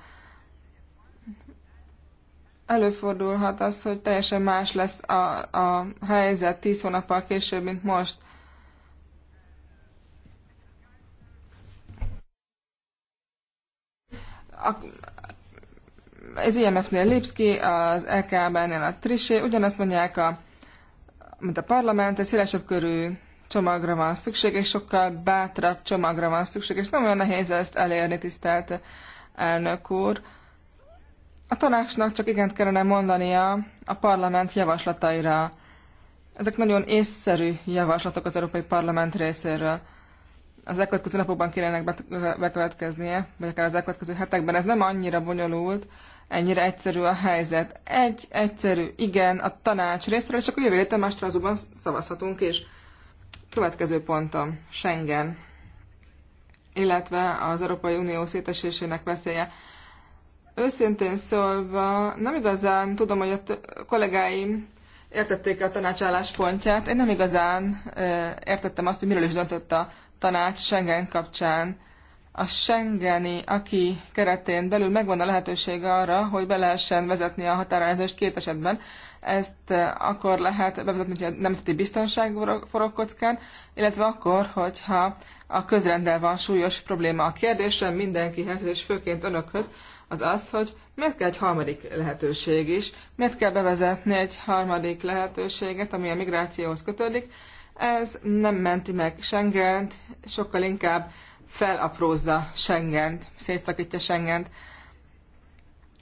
előfordulhat az, hogy teljesen más lesz a, a helyzet tíz hónappal később, mint most. A, az IMF-nél Lipski, az LKB-nél a Trisé, ugyanazt mondják, a, mint a parlament, egy szélesebb körű csomagra van szükség, és sokkal bátrabb csomagra van szükség, és nem olyan nehéz ezt elérni, tisztelt elnök úr. Uh, a tanácsnak csak igent kellene mondania a parlament javaslataira. Ezek nagyon észszerű javaslatok az Európai Parlament részéről. Az elkövetkező napokban kéne bekövetkeznie, vagy akár az elkövetkező hetekben. Ez nem annyira bonyolult, ennyire egyszerű a helyzet. Egy egyszerű igen a tanács részéről, és akkor jövő héten már szavazhatunk is. Következő pontom, Schengen, illetve az Európai Unió szétesésének veszélye. Őszintén szólva nem igazán tudom, hogy a kollégáim értették a tanács álláspontját. Én nem igazán értettem azt, hogy miről is döntött a tanács Schengen kapcsán. A Schengeni, aki keretén belül megvan a lehetőség arra, hogy be lehessen vezetni a határozást két esetben. Ezt akkor lehet bevezetni, hogyha nemzeti biztonság forog kockán, illetve akkor, hogyha a közrendel van súlyos probléma. A kérdésem mindenkihez, és főként önökhöz, az az, hogy miért kell egy harmadik lehetőség is, miért kell bevezetni egy harmadik lehetőséget, ami a migrációhoz kötődik. Ez nem menti meg Schengent, sokkal inkább felaprózza Schengent, szétszakítja Schengent.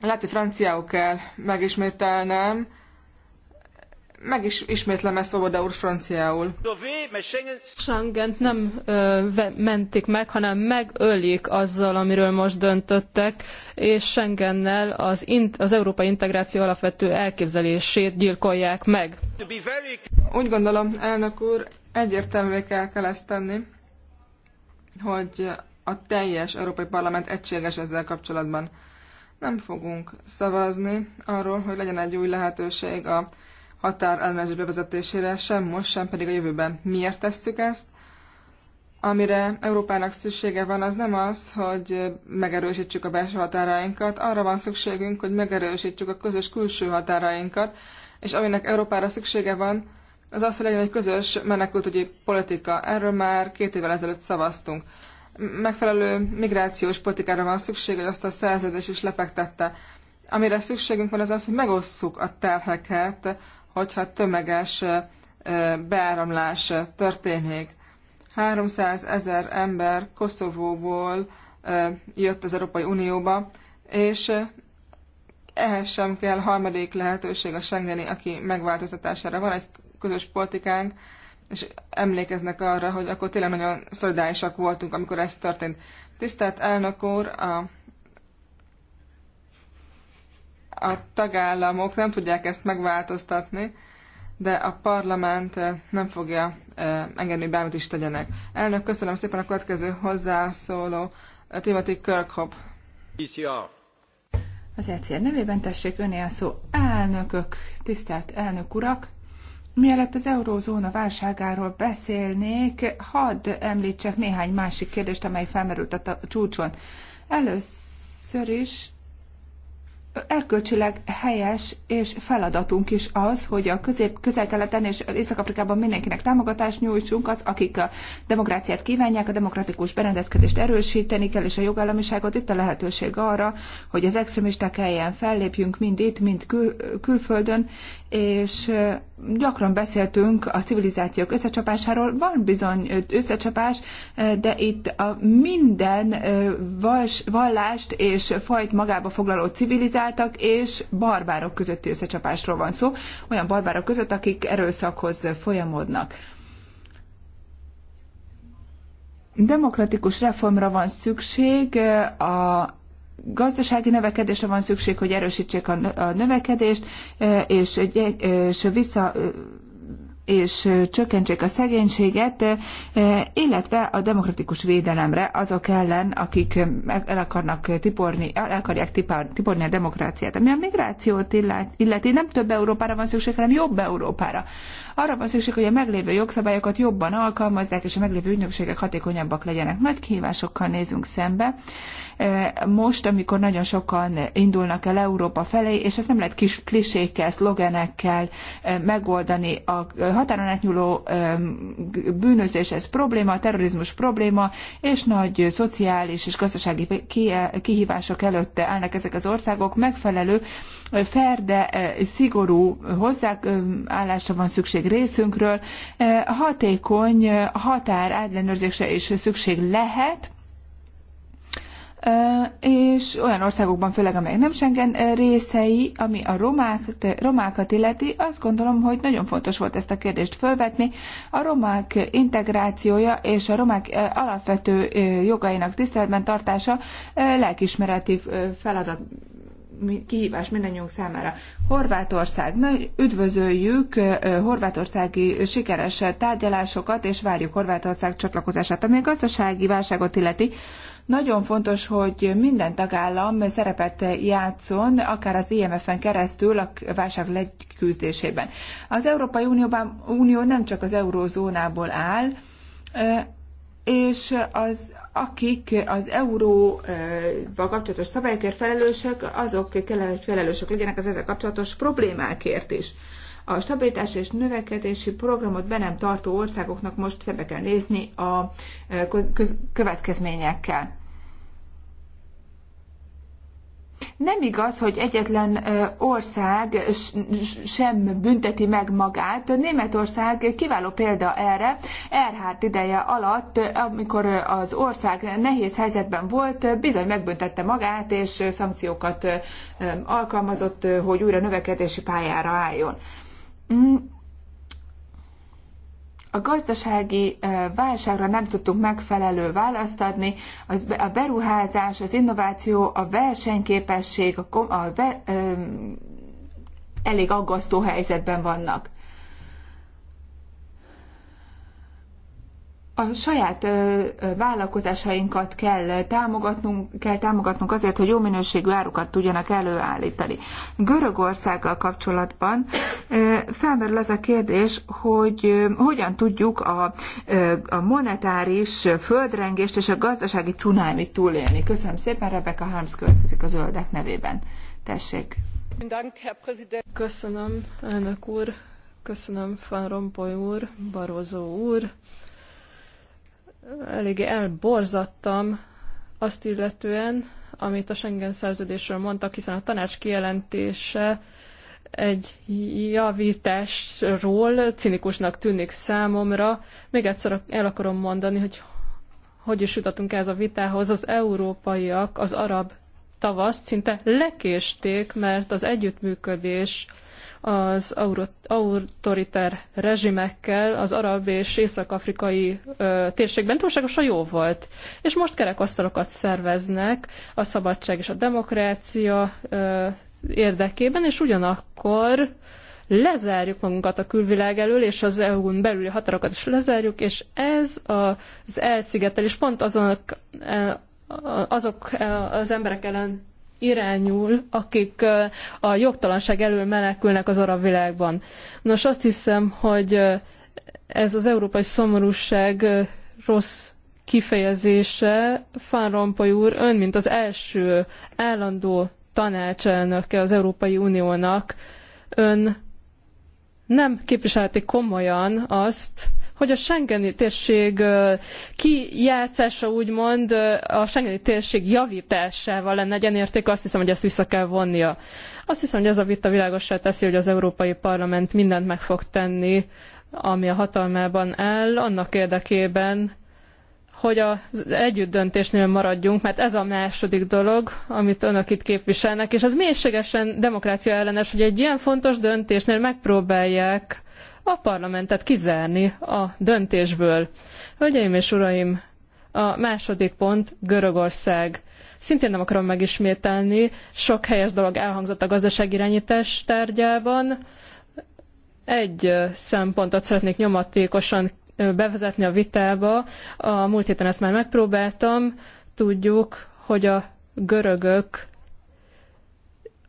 Lehet, hogy franciául kell megismételnem, meg is ismétlem ezt Szoboda úr franciául. Schengent nem ö, mentik meg, hanem megölik azzal, amiről most döntöttek, és Schengennel az, in, az európai integráció alapvető elképzelését gyilkolják meg. Úgy gondolom, elnök úr, egyértelművé kell, kell ezt tenni, hogy a teljes Európai Parlament egységes ezzel kapcsolatban. Nem fogunk szavazni arról, hogy legyen egy új lehetőség a határellenőrzés bevezetésére sem most, sem pedig a jövőben. Miért tesszük ezt? Amire Európának szüksége van, az nem az, hogy megerősítsük a belső határainkat, arra van szükségünk, hogy megerősítsük a közös külső határainkat, és aminek Európára szüksége van, az az, hogy legyen egy közös menekültügyi politika. Erről már két évvel ezelőtt szavaztunk. Megfelelő migrációs politikára van szükség, hogy azt a szerződés is lefektette. Amire szükségünk van, az az, hogy megosszuk a terheket hogyha tömeges beáramlás történik. 300 ezer ember Koszovóból jött az Európai Unióba, és ehhez sem kell harmadik lehetőség a Schengeni, aki megváltoztatására van egy közös politikánk, és emlékeznek arra, hogy akkor tényleg nagyon szolidárisak voltunk, amikor ez történt. Tisztelt elnök úr, a a tagállamok nem tudják ezt megváltoztatni, de a parlament eh, nem fogja eh, engedni, hogy bármit is tegyenek. Elnök, köszönöm szépen a következő hozzászóló, eh, Timothy Kirkhope. PCR. Az ECR nevében tessék öné a szó. Elnökök, tisztelt elnök urak! Mielőtt az eurózóna válságáról beszélnék, hadd említsek néhány másik kérdést, amely felmerült a csúcson. Először is erkölcsileg helyes, és feladatunk is az, hogy a közép, közel-keleten és Észak-Afrikában mindenkinek támogatást nyújtsunk, az, akik a demokráciát kívánják, a demokratikus berendezkedést erősíteni kell, és a jogállamiságot itt a lehetőség arra, hogy az extremisták helyen fellépjünk mind itt, mind kül, külföldön, és gyakran beszéltünk a civilizációk összecsapásáról, van bizony összecsapás, de itt a minden vallást és fajt magába foglaló civilizáltak és barbárok közötti összecsapásról van szó, olyan barbárok között, akik erőszakhoz folyamodnak. Demokratikus reformra van szükség a gazdasági növekedésre van szükség, hogy erősítsék a növekedést, eh, és, eh, és vissza eh, és csökkentsék a szegénységet, illetve a demokratikus védelemre azok ellen, akik el akarnak tiporni, el akarják tiporni a demokráciát. Ami a migrációt illeti, nem több Európára van szükség, hanem jobb Európára. Arra van szükség, hogy a meglévő jogszabályokat jobban alkalmazzák, és a meglévő ügynökségek hatékonyabbak legyenek. Nagy kihívásokkal nézünk szembe. Most, amikor nagyon sokan indulnak el Európa felé, és ezt nem lehet kis klisékkel, szlogenekkel megoldani a határon átnyúló bűnözés, ez probléma, terrorizmus probléma, és nagy szociális és gazdasági kihívások előtt állnak ezek az országok. Megfelelő, fair, de szigorú hozzáállásra van szükség részünkről. Hatékony határ átlenőrzése is szükség lehet, és olyan országokban, főleg amelyek nem Schengen részei, ami a romák, romákat illeti, azt gondolom, hogy nagyon fontos volt ezt a kérdést fölvetni. A romák integrációja és a romák alapvető jogainak tiszteletben tartása lelkismereti feladat kihívás mindannyiunk számára. Horvátország, nagy üdvözöljük horvátországi sikeres tárgyalásokat, és várjuk Horvátország csatlakozását, ami a gazdasági válságot illeti. Nagyon fontos, hogy minden tagállam szerepet játszon, akár az IMF-en keresztül a válság leküzdésében. Az Európai Unióban, Unió nem csak az eurózónából áll, és az, akik az euróval kapcsolatos szabályokért felelősek, azok kellene, hogy felelősek legyenek az ezzel kapcsolatos problémákért is. A stabilitási és növekedési programot be nem tartó országoknak most szembe kell nézni a következményekkel. Nem igaz, hogy egyetlen ország sem bünteti meg magát. Németország kiváló példa erre. Erhárt ideje alatt, amikor az ország nehéz helyzetben volt, bizony megbüntette magát, és szankciókat alkalmazott, hogy újra növekedési pályára álljon. Mm. a gazdasági válságra nem tudtunk megfelelő választ adni, az, a beruházás, az innováció, a versenyképesség, a, a elég aggasztó helyzetben vannak. a saját vállalkozásainkat kell támogatnunk, kell támogatnunk azért, hogy jó minőségű árukat tudjanak előállítani. Görögországgal kapcsolatban felmerül az a kérdés, hogy hogyan tudjuk a, a monetáris földrengést és a gazdasági cunámit túlélni. Köszönöm szépen, Rebecca Harms következik a zöldek nevében. Tessék! Köszönöm, elnök úr! Köszönöm, Van Rompuy úr, Barozó úr! eléggé elborzadtam azt illetően, amit a Schengen szerződésről mondtak, hiszen a tanács kijelentése egy javításról cinikusnak tűnik számomra. Még egyszer el akarom mondani, hogy hogy is jutottunk ez a vitához. Az európaiak az arab tavaszt szinte lekésték, mert az együttműködés az autoriter rezsimekkel az arab és észak-afrikai térségben túlságosan jó volt. És most kerekasztalokat szerveznek a szabadság és a demokrácia ö, érdekében, és ugyanakkor lezárjuk magunkat a külvilág elől, és az EU-n belüli határokat is lezárjuk, és ez az elszigetelés pont e, azok, azok e, az emberek ellen irányul, akik a jogtalanság elől menekülnek az arab világban. Nos, azt hiszem, hogy ez az európai szomorúság rossz kifejezése, Van Rompuy úr, ön, mint az első állandó tanácselnöke az Európai Uniónak, ön nem képviselheti komolyan azt, hogy a Schengeni térség kijátszása úgymond a Schengeni térség javításával lenne egyenértékű, azt hiszem, hogy ezt vissza kell vonnia. Azt hiszem, hogy ez a vita világossá teszi, hogy az Európai Parlament mindent meg fog tenni, ami a hatalmában áll, annak érdekében, hogy az együttdöntésnél maradjunk, mert ez a második dolog, amit önök itt képviselnek, és ez mélységesen demokrácia ellenes, hogy egy ilyen fontos döntésnél megpróbálják a parlamentet kizárni a döntésből. Hölgyeim és uraim, a második pont Görögország. Szintén nem akarom megismételni, sok helyes dolog elhangzott a gazdaságirányítás tárgyában. Egy szempontot szeretnék nyomatékosan bevezetni a vitába. A múlt héten ezt már megpróbáltam. Tudjuk, hogy a görögök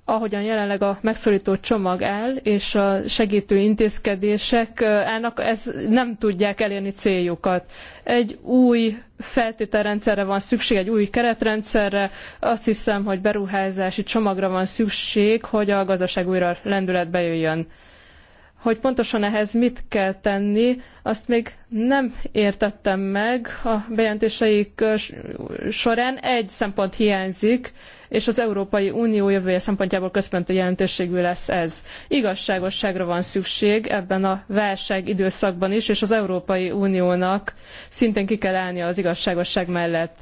ahogyan jelenleg a megszorító csomag áll, és a segítő intézkedések állnak, ez nem tudják elérni céljukat. Egy új feltételrendszerre van szükség, egy új keretrendszerre, azt hiszem, hogy beruházási csomagra van szükség, hogy a gazdaság újra lendületbe jöjjön. Hogy pontosan ehhez mit kell tenni, azt még nem értettem meg a bejelentéseik során. Egy szempont hiányzik, és az Európai Unió jövője szempontjából központi jelentőségű lesz ez. Igazságosságra van szükség ebben a válság időszakban is, és az Európai Uniónak szintén ki kell állnia az igazságosság mellett.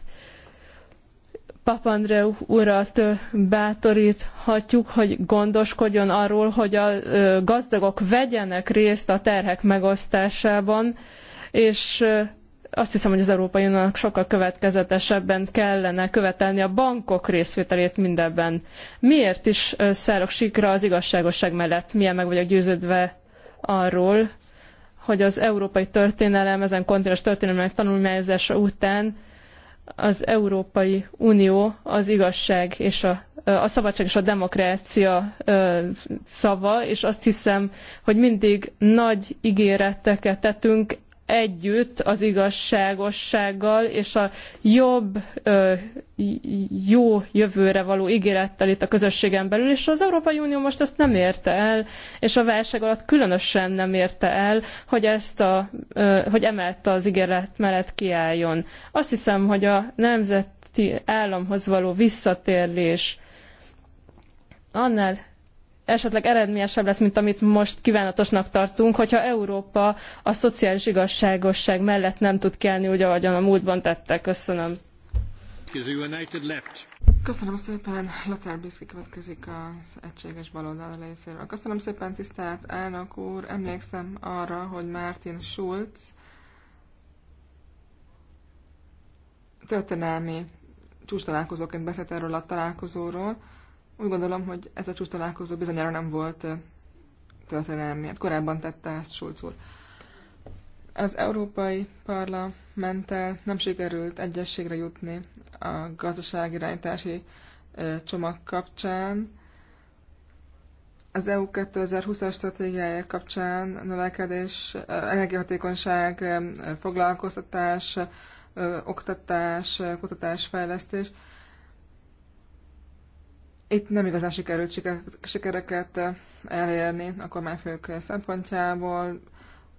Papandreou urat bátoríthatjuk, hogy gondoskodjon arról, hogy a gazdagok vegyenek részt a terhek megosztásában, és azt hiszem, hogy az Európai Uniónak sokkal következetesebben kellene követelni a bankok részvételét mindebben. Miért is szárok sikra az igazságosság mellett? Milyen meg vagyok győződve arról, hogy az európai történelem, ezen kontinens történelmének tanulmányozása után az Európai Unió az igazság és a, a szabadság és a demokrácia szava, és azt hiszem, hogy mindig nagy ígéreteket tettünk együtt az igazságossággal és a jobb, jó jövőre való ígérettel itt a közösségen belül, és az Európai Unió most ezt nem érte el, és a válság alatt különösen nem érte el, hogy ezt a, hogy emelte az ígéret mellett kiálljon. Azt hiszem, hogy a nemzeti államhoz való visszatérés annál esetleg eredményesebb lesz, mint amit most kívánatosnak tartunk, hogyha Európa a szociális igazságosság mellett nem tud kelni, úgy ahogyan a múltban tette. Köszönöm. Köszönöm szépen, Lothar Biszki következik az egységes baloldal részéről. Köszönöm szépen, tisztelt elnök úr, emlékszem arra, hogy Martin Schulz történelmi csúcs találkozóként beszélt erről a találkozóról, úgy gondolom, hogy ez a csúcs találkozó bizonyára nem volt történelmi. Hát korábban tette ezt Schulz úr. Az Európai Parlamenttel nem sikerült egyességre jutni a gazdaságirányítási csomag kapcsán. Az EU 2020-as stratégiája kapcsán növekedés, energiahatékonyság, foglalkoztatás, oktatás, kutatás, fejlesztés – itt nem igazán sikerült sikereket eh, elérni a kormányfők szempontjából.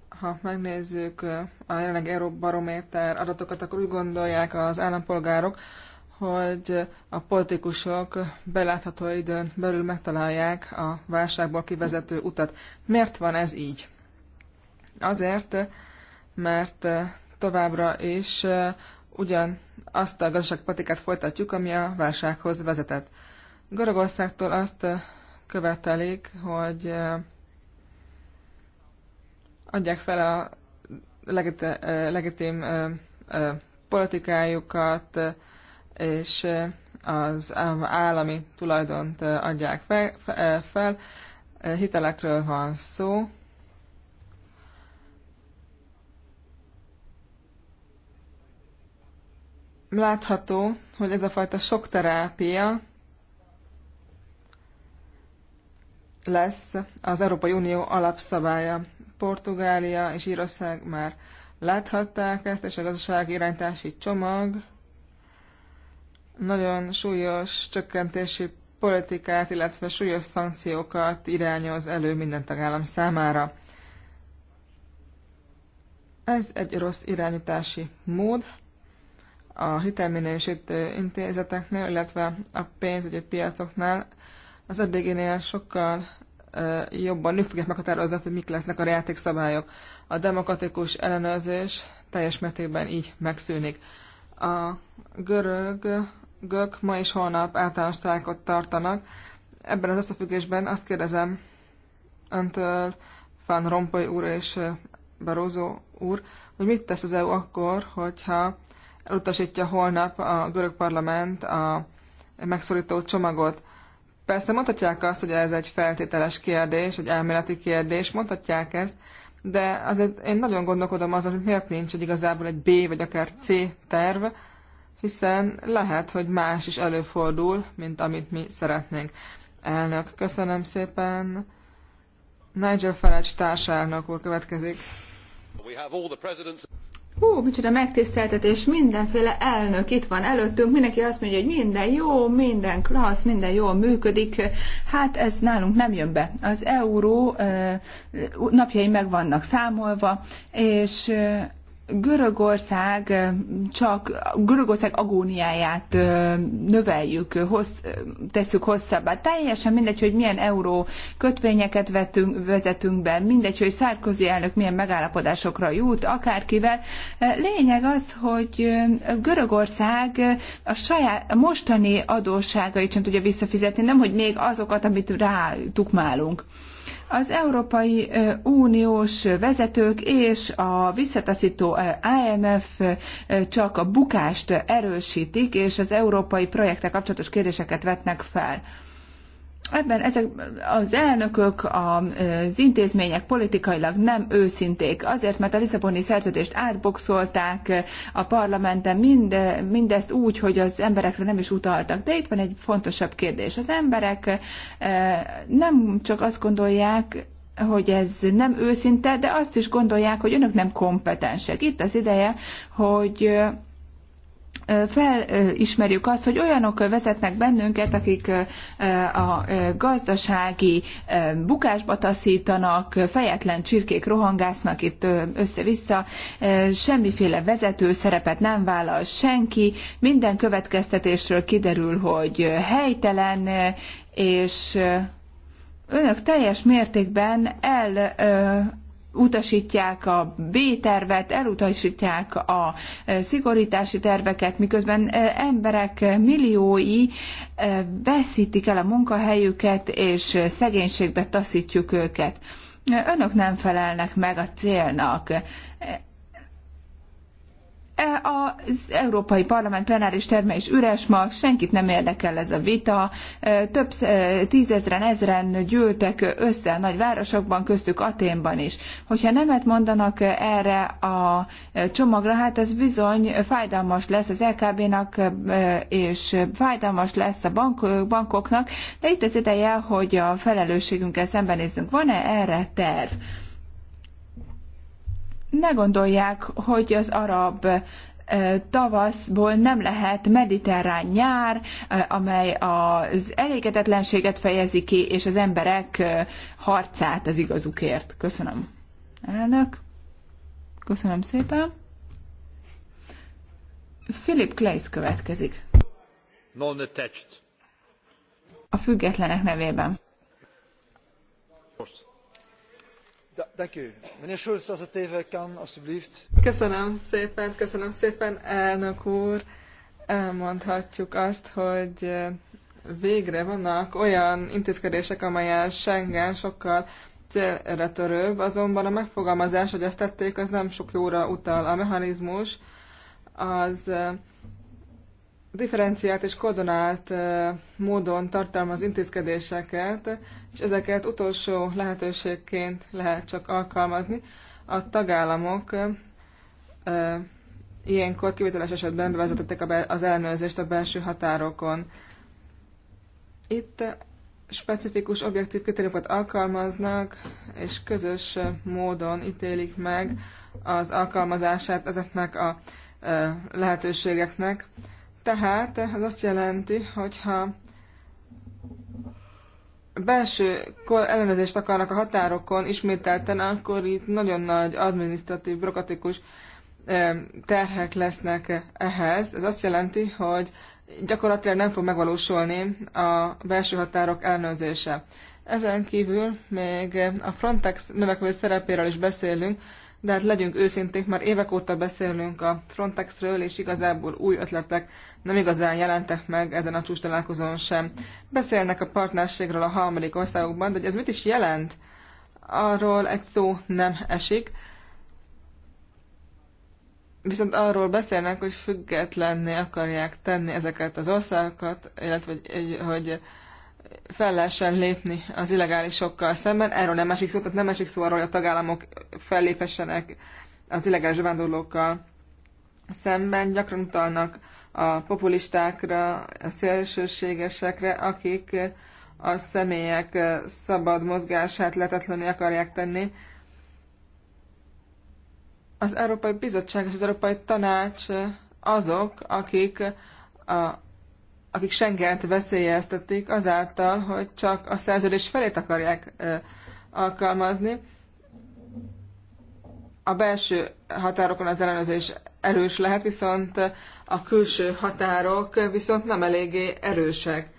Ha megnézzük eh, a jelenleg Euróbarométer adatokat, akkor úgy gondolják az állampolgárok, hogy eh, a politikusok belátható időn belül megtalálják a válságból kivezető utat. Miért van ez így? Azért, mert továbbra is ugyan azt a gazdaságpatikát folytatjuk, ami a válsághoz vezetett. Görögországtól azt követelik, hogy adják fel a legit- legitim politikájukat, és az állami tulajdont adják fel, Hitelekről van szó. Látható, hogy ez a fajta sok terápia lesz az Európai Unió alapszabálya. Portugália és Írország már láthatták ezt, és a gazdasági iránytási csomag nagyon súlyos csökkentési politikát, illetve súlyos szankciókat irányoz elő minden tagállam számára. Ez egy rossz irányítási mód a hitelminősítő intézeteknél, illetve a pénzügyi piacoknál, az eddiginél sokkal jobban nő fogják meghatározni, hogy mik lesznek a játékszabályok. A demokratikus ellenőrzés teljes mértékben így megszűnik. A görög gök ma és holnap általános találkot tartanak. Ebben az összefüggésben azt kérdezem öntől, Van Rompuy úr és Barózó úr, hogy mit tesz az EU akkor, hogyha elutasítja holnap a görög parlament a megszorító csomagot. Persze mondhatják azt, hogy ez egy feltételes kérdés, egy elméleti kérdés, mondhatják ezt, de azért én nagyon gondolkodom azon, hogy miért nincs egy igazából egy B vagy akár C terv, hiszen lehet, hogy más is előfordul, mint amit mi szeretnénk. Elnök, köszönöm szépen. Nigel Farage társelnök úr következik. Hú, micsoda megtiszteltetés, mindenféle elnök itt van előttünk, mindenki azt mondja, hogy minden jó, minden klassz, minden jól működik. Hát ez nálunk nem jön be. Az euró napjai meg vannak számolva, és Görögország csak Görögország agóniáját növeljük, hossz, tesszük hosszabbá. Teljesen mindegy, hogy milyen euró kötvényeket vetünk, vezetünk be, mindegy, hogy Szárkozi elnök milyen megállapodásokra jut, akárkivel. Lényeg az, hogy Görögország a saját a mostani adósságait sem tudja visszafizetni, nem hogy még azokat, amit rátukmálunk. Az Európai Uniós vezetők és a visszataszító IMF csak a bukást erősítik, és az európai projektek kapcsolatos kérdéseket vetnek fel. Ebben ezek az elnökök, az intézmények politikailag nem őszinték, azért, mert a Lisszaboni szerződést átboxolták a parlamenten, mind, mindezt úgy, hogy az emberekre nem is utaltak. De itt van egy fontosabb kérdés. Az emberek eh, nem csak azt gondolják, hogy ez nem őszinte, de azt is gondolják, hogy önök nem kompetensek. Itt az ideje, hogy felismerjük azt, hogy olyanok vezetnek bennünket, akik a gazdasági bukásba taszítanak, fejetlen csirkék rohangásznak itt össze-vissza, semmiféle vezető szerepet nem vállal senki, minden következtetésről kiderül, hogy helytelen, és önök teljes mértékben el utasítják a B-tervet, elutasítják a e, szigorítási terveket, miközben e, emberek milliói e, veszítik el a munkahelyüket, és szegénységbe taszítjuk őket. Önök nem felelnek meg a célnak. E, az Európai Parlament plenáris terme is üres ma, senkit nem érdekel ez a vita. E, több e, tízezren, ezren gyűltek össze a nagy városokban, köztük Aténban is. Hogyha nemet mondanak erre a csomagra, hát ez bizony fájdalmas lesz az LKB-nak, és fájdalmas lesz a bank, bankoknak, de itt az ideje, hogy a felelősségünkkel szembenézzünk. Van-e erre terv? ne gondolják, hogy az arab tavaszból nem lehet mediterrán nyár, amely az elégedetlenséget fejezi ki, és az emberek harcát az igazukért. Köszönöm. Elnök. Köszönöm szépen. Philip Kleiss következik. Non attached. A függetlenek nevében. Köszönöm szépen, köszönöm szépen, elnök úr. Elmondhatjuk azt, hogy eh, végre vannak olyan intézkedések, amelyen Schengen sokkal célra törőbb, azonban a megfogalmazás, hogy ezt tették, az nem sok jóra utal. A mechanizmus az eh, differenciált és koordinált módon tartalmaz intézkedéseket, és ezeket utolsó lehetőségként lehet csak alkalmazni. A tagállamok ilyenkor kivételes esetben bevezetettek az ellenőrzést a belső határokon. Itt specifikus objektív kritériumokat alkalmaznak, és közös módon ítélik meg az alkalmazását ezeknek a lehetőségeknek tehát ez azt jelenti, hogyha belső ellenőrzést akarnak a határokon ismételten, akkor itt nagyon nagy administratív, bürokratikus terhek lesznek ehhez. Ez azt jelenti, hogy gyakorlatilag nem fog megvalósulni a belső határok ellenőrzése. Ezen kívül még a Frontex növekvő szerepéről is beszélünk, de hát legyünk őszinték, már évek óta beszélünk a Frontexről, és igazából új ötletek nem igazán jelentek meg ezen a csúcs találkozón sem. Beszélnek a partnerségről a harmadik országokban, de hogy ez mit is jelent? Arról egy szó nem esik. Viszont arról beszélnek, hogy függetlenné akarják tenni ezeket az országokat, illetve hogy, hogy fel lehessen lépni az illegálisokkal szemben. Erről nem esik szó, tehát nem esik szó arról, hogy a tagállamok felléphessenek az illegális bevándorlókkal szemben. Gyakran utalnak a populistákra, a szélsőségesekre, akik a személyek szabad mozgását letetlenül akarják tenni. Az Európai Bizottság és az Európai Tanács azok, akik a akik Schengent veszélyeztetik azáltal, hogy csak a szerződés felét akarják alkalmazni. A belső határokon az ellenőrzés erős lehet, viszont a külső határok viszont nem eléggé erősek.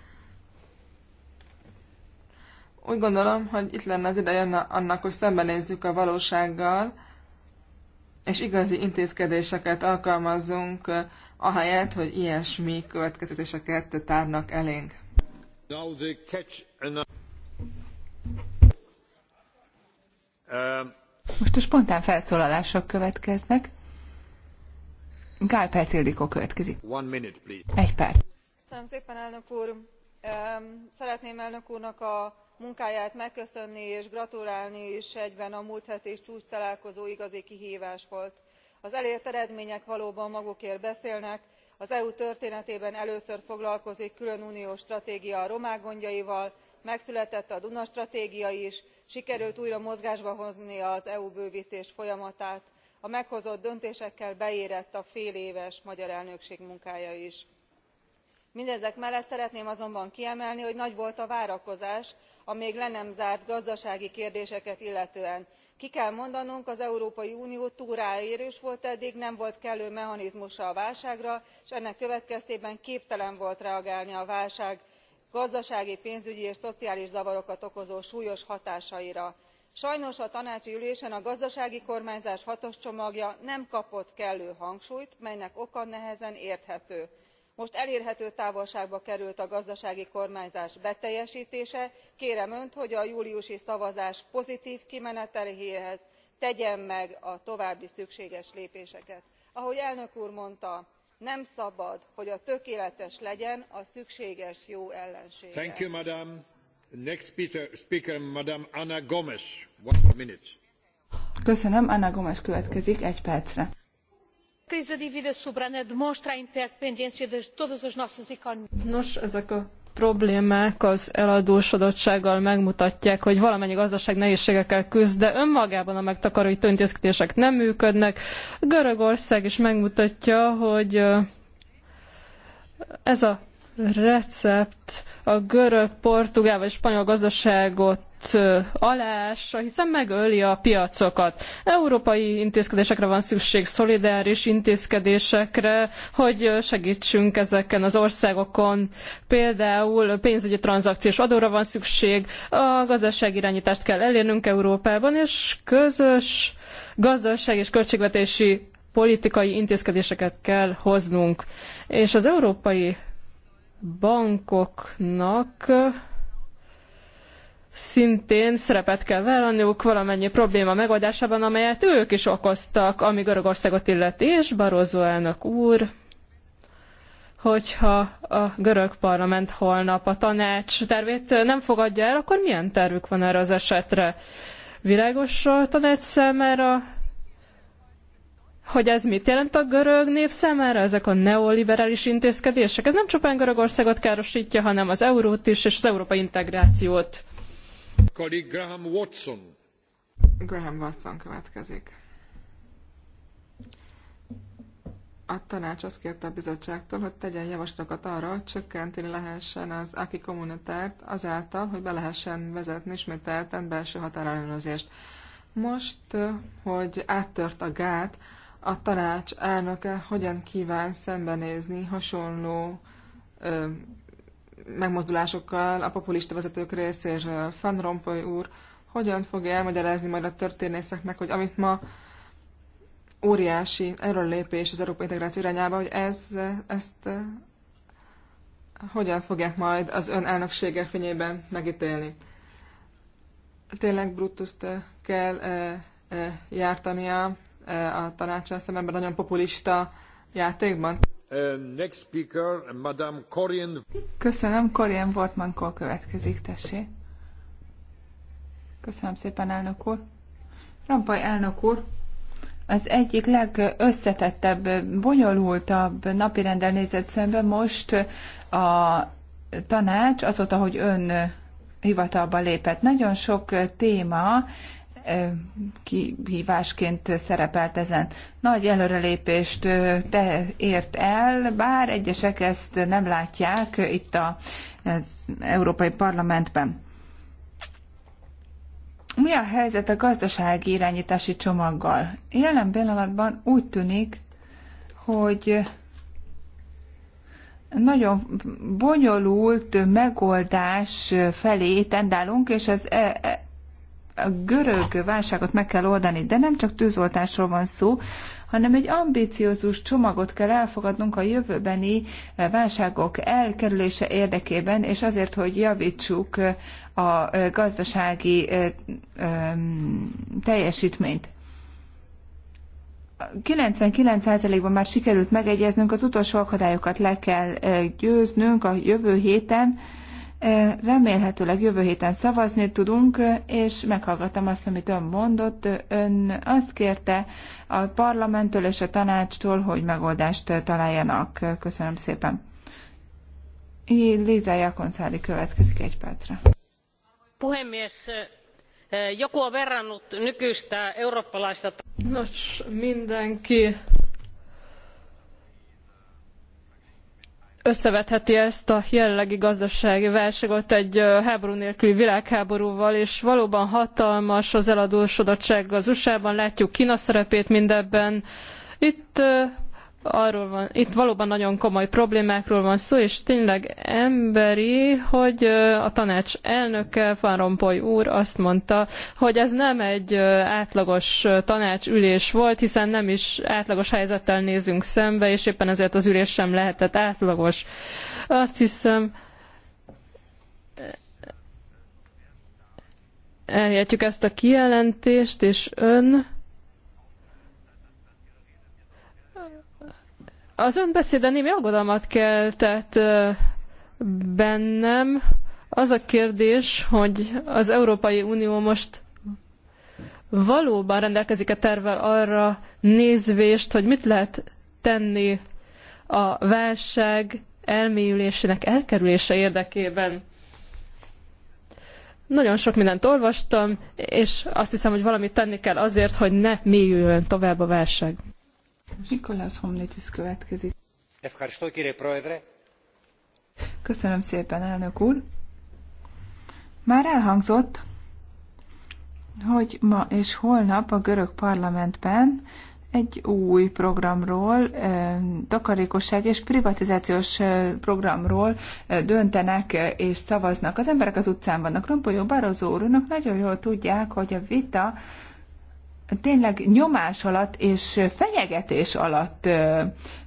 Úgy gondolom, hogy itt lenne az ideje annak, hogy szembenézzük a valósággal, és igazi intézkedéseket alkalmazzunk ahelyett, hogy ilyesmi következtetéseket tárnak elénk. Um, Most a spontán felszólalások következnek. Gál Perc Ildikó következik. One minute, please. Egy perc. Köszönöm szépen, elnök úr. Szeretném elnök úrnak a munkáját megköszönni és gratulálni is egyben a múlt heti találkozó igazi kihívás volt az elért eredmények valóban magukért beszélnek az eu történetében először foglalkozik külön uniós stratégia a romák gondjaival megszületett a duna stratégia is sikerült újra mozgásba hozni az eu bővtés folyamatát a meghozott döntésekkel beérett a féléves magyar elnökség munkája is. mindezek mellett szeretném azonban kiemelni hogy nagy volt a várakozás a még le nem zárt gazdasági kérdéseket illetően ki kell mondanunk az európai unió túl ráérős volt eddig nem volt kellő mechanizmusa a válságra és ennek következtében képtelen volt reagálni a válság gazdasági pénzügyi és szociális zavarokat okozó súlyos hatásaira. sajnos a tanácsi ülésen a gazdasági kormányzás hatos csomagja nem kapott kellő hangsúlyt melynek oka nehezen érthető most elérhető távolságba került a gazdasági kormányzás beteljestése kérem önt hogy a júliusi szavazás pozitv kimeneteléhez tegyen meg a további szükséges lépéseket. ahogy elnök úr mondta nem szabad hogy a tökéletes legyen a szükséges jó ellensége. Köszönöm, Anna Gomes egy percre crise da dívida soberana demonstra a interdependência de todas as nossas economias. Nos, ezek a problémák az eladósodottsággal megmutatják, hogy valamennyi gazdaság nehézségekkel küzd, de önmagában a megtakarító intézkedések nem működnek. Görögország is megmutatja, hogy ez a recept a görög, portugál vagy spanyol gazdaságot alása, hiszen megöli a piacokat. Európai intézkedésekre van szükség, szolidáris intézkedésekre, hogy segítsünk ezeken az országokon. Például pénzügyi tranzakciós adóra van szükség, a gazdaságirányítást kell elérnünk Európában, és közös gazdaság és költségvetési politikai intézkedéseket kell hoznunk. És az európai bankoknak szintén szerepet kell vállalniuk valamennyi probléma megoldásában, amelyet ők is okoztak, ami Görögországot illeti, és Barozó elnök úr, hogyha a görög parlament holnap a tanács tervét nem fogadja el, akkor milyen tervük van erre az esetre? Világos a tanács számára hogy ez mit jelent a görög nép számára, ezek a neoliberális intézkedések. Ez nem csupán Görögországot károsítja, hanem az eurót is, és az európai integrációt. Colleague Graham Watson. Graham Watson következik. A tanács azt kérte a bizottságtól, hogy tegyen javaslatokat arra, hogy csökkenteni lehessen az aki kommunitárt azáltal, hogy be lehessen vezetni ismételten belső határellenőrzést. Most, hogy áttört a gát, a tanács elnöke hogyan kíván szembenézni hasonló ö, megmozdulásokkal a populista vezetők részéről. Van Rompuy úr hogyan fogja elmagyarázni majd a történészeknek, hogy amit ma óriási erőlépés az Európai Integráció irányába, hogy ez, ezt hogyan fogják majd az ön elnöksége fényében megítélni. Tényleg Brutuszt kell e, e, jártania a tanácsal szemben nagyon populista játékban. Uh, next speaker, Madame Corien. Köszönöm, Corien Wortmann-kól következik, tessék. Köszönöm szépen, elnök úr. Rampaj elnök úr, az egyik legösszetettebb, bonyolultabb napirenden nézett szembe most a tanács azóta, hogy ön hivatalba lépett. Nagyon sok téma kihívásként szerepelt ezen. Nagy előrelépést te ért el, bár egyesek ezt nem látják itt az Európai Parlamentben. Mi a helyzet a gazdasági irányítási csomaggal? Jelen pillanatban úgy tűnik, hogy nagyon bonyolult megoldás felé tendálunk, és az e- e- a görög válságot meg kell oldani, de nem csak tűzoltásról van szó, hanem egy ambíciózus csomagot kell elfogadnunk a jövőbeni eh, válságok elkerülése érdekében, és azért, hogy javítsuk eh, a eh, gazdasági teljesítményt. 99%-ban már sikerült megegyeznünk, az utolsó akadályokat le kell győznünk a jövő héten, Remélhetőleg jövő héten szavazni tudunk, és meghallgattam azt, amit ön mondott. Ön azt kérte a parlamenttől és a tanácstól, hogy megoldást találjanak. Köszönöm szépen. Liza Jakonszári következik egy percre. Puhemies, joku on verrannut nykyistä eurooppalaista... Nos, mindenki összevetheti ezt a jelenlegi gazdasági válságot egy háború nélküli világháborúval, és valóban hatalmas az eladósodottság az USA-ban, látjuk Kína szerepét mindebben. Itt arról van, itt valóban nagyon komoly problémákról van szó, és tényleg emberi, hogy a tanács elnöke, Van Rompuy úr azt mondta, hogy ez nem egy átlagos tanácsülés volt, hiszen nem is átlagos helyzettel nézünk szembe, és éppen ezért az ülés sem lehetett átlagos. Azt hiszem, elhihetjük ezt a kijelentést, és ön Az ön beszéde némi aggodalmat keltett bennem. Az a kérdés, hogy az Európai Unió most valóban rendelkezik a tervvel arra nézvést, hogy mit lehet tenni a válság elmélyülésének elkerülése érdekében. Nagyon sok mindent olvastam, és azt hiszem, hogy valamit tenni kell azért, hogy ne mélyüljön tovább a válság. Nikolász Homnitis következik. Köszönöm szépen, elnök úr. Már elhangzott, hogy ma és holnap a görög parlamentben egy új programról, takarékosság és privatizációs programról döntenek és szavaznak. Az emberek az utcán vannak. Rompolyó Barozó úrnak nagyon jól tudják, hogy a vita tényleg nyomás alatt és fenyegetés alatt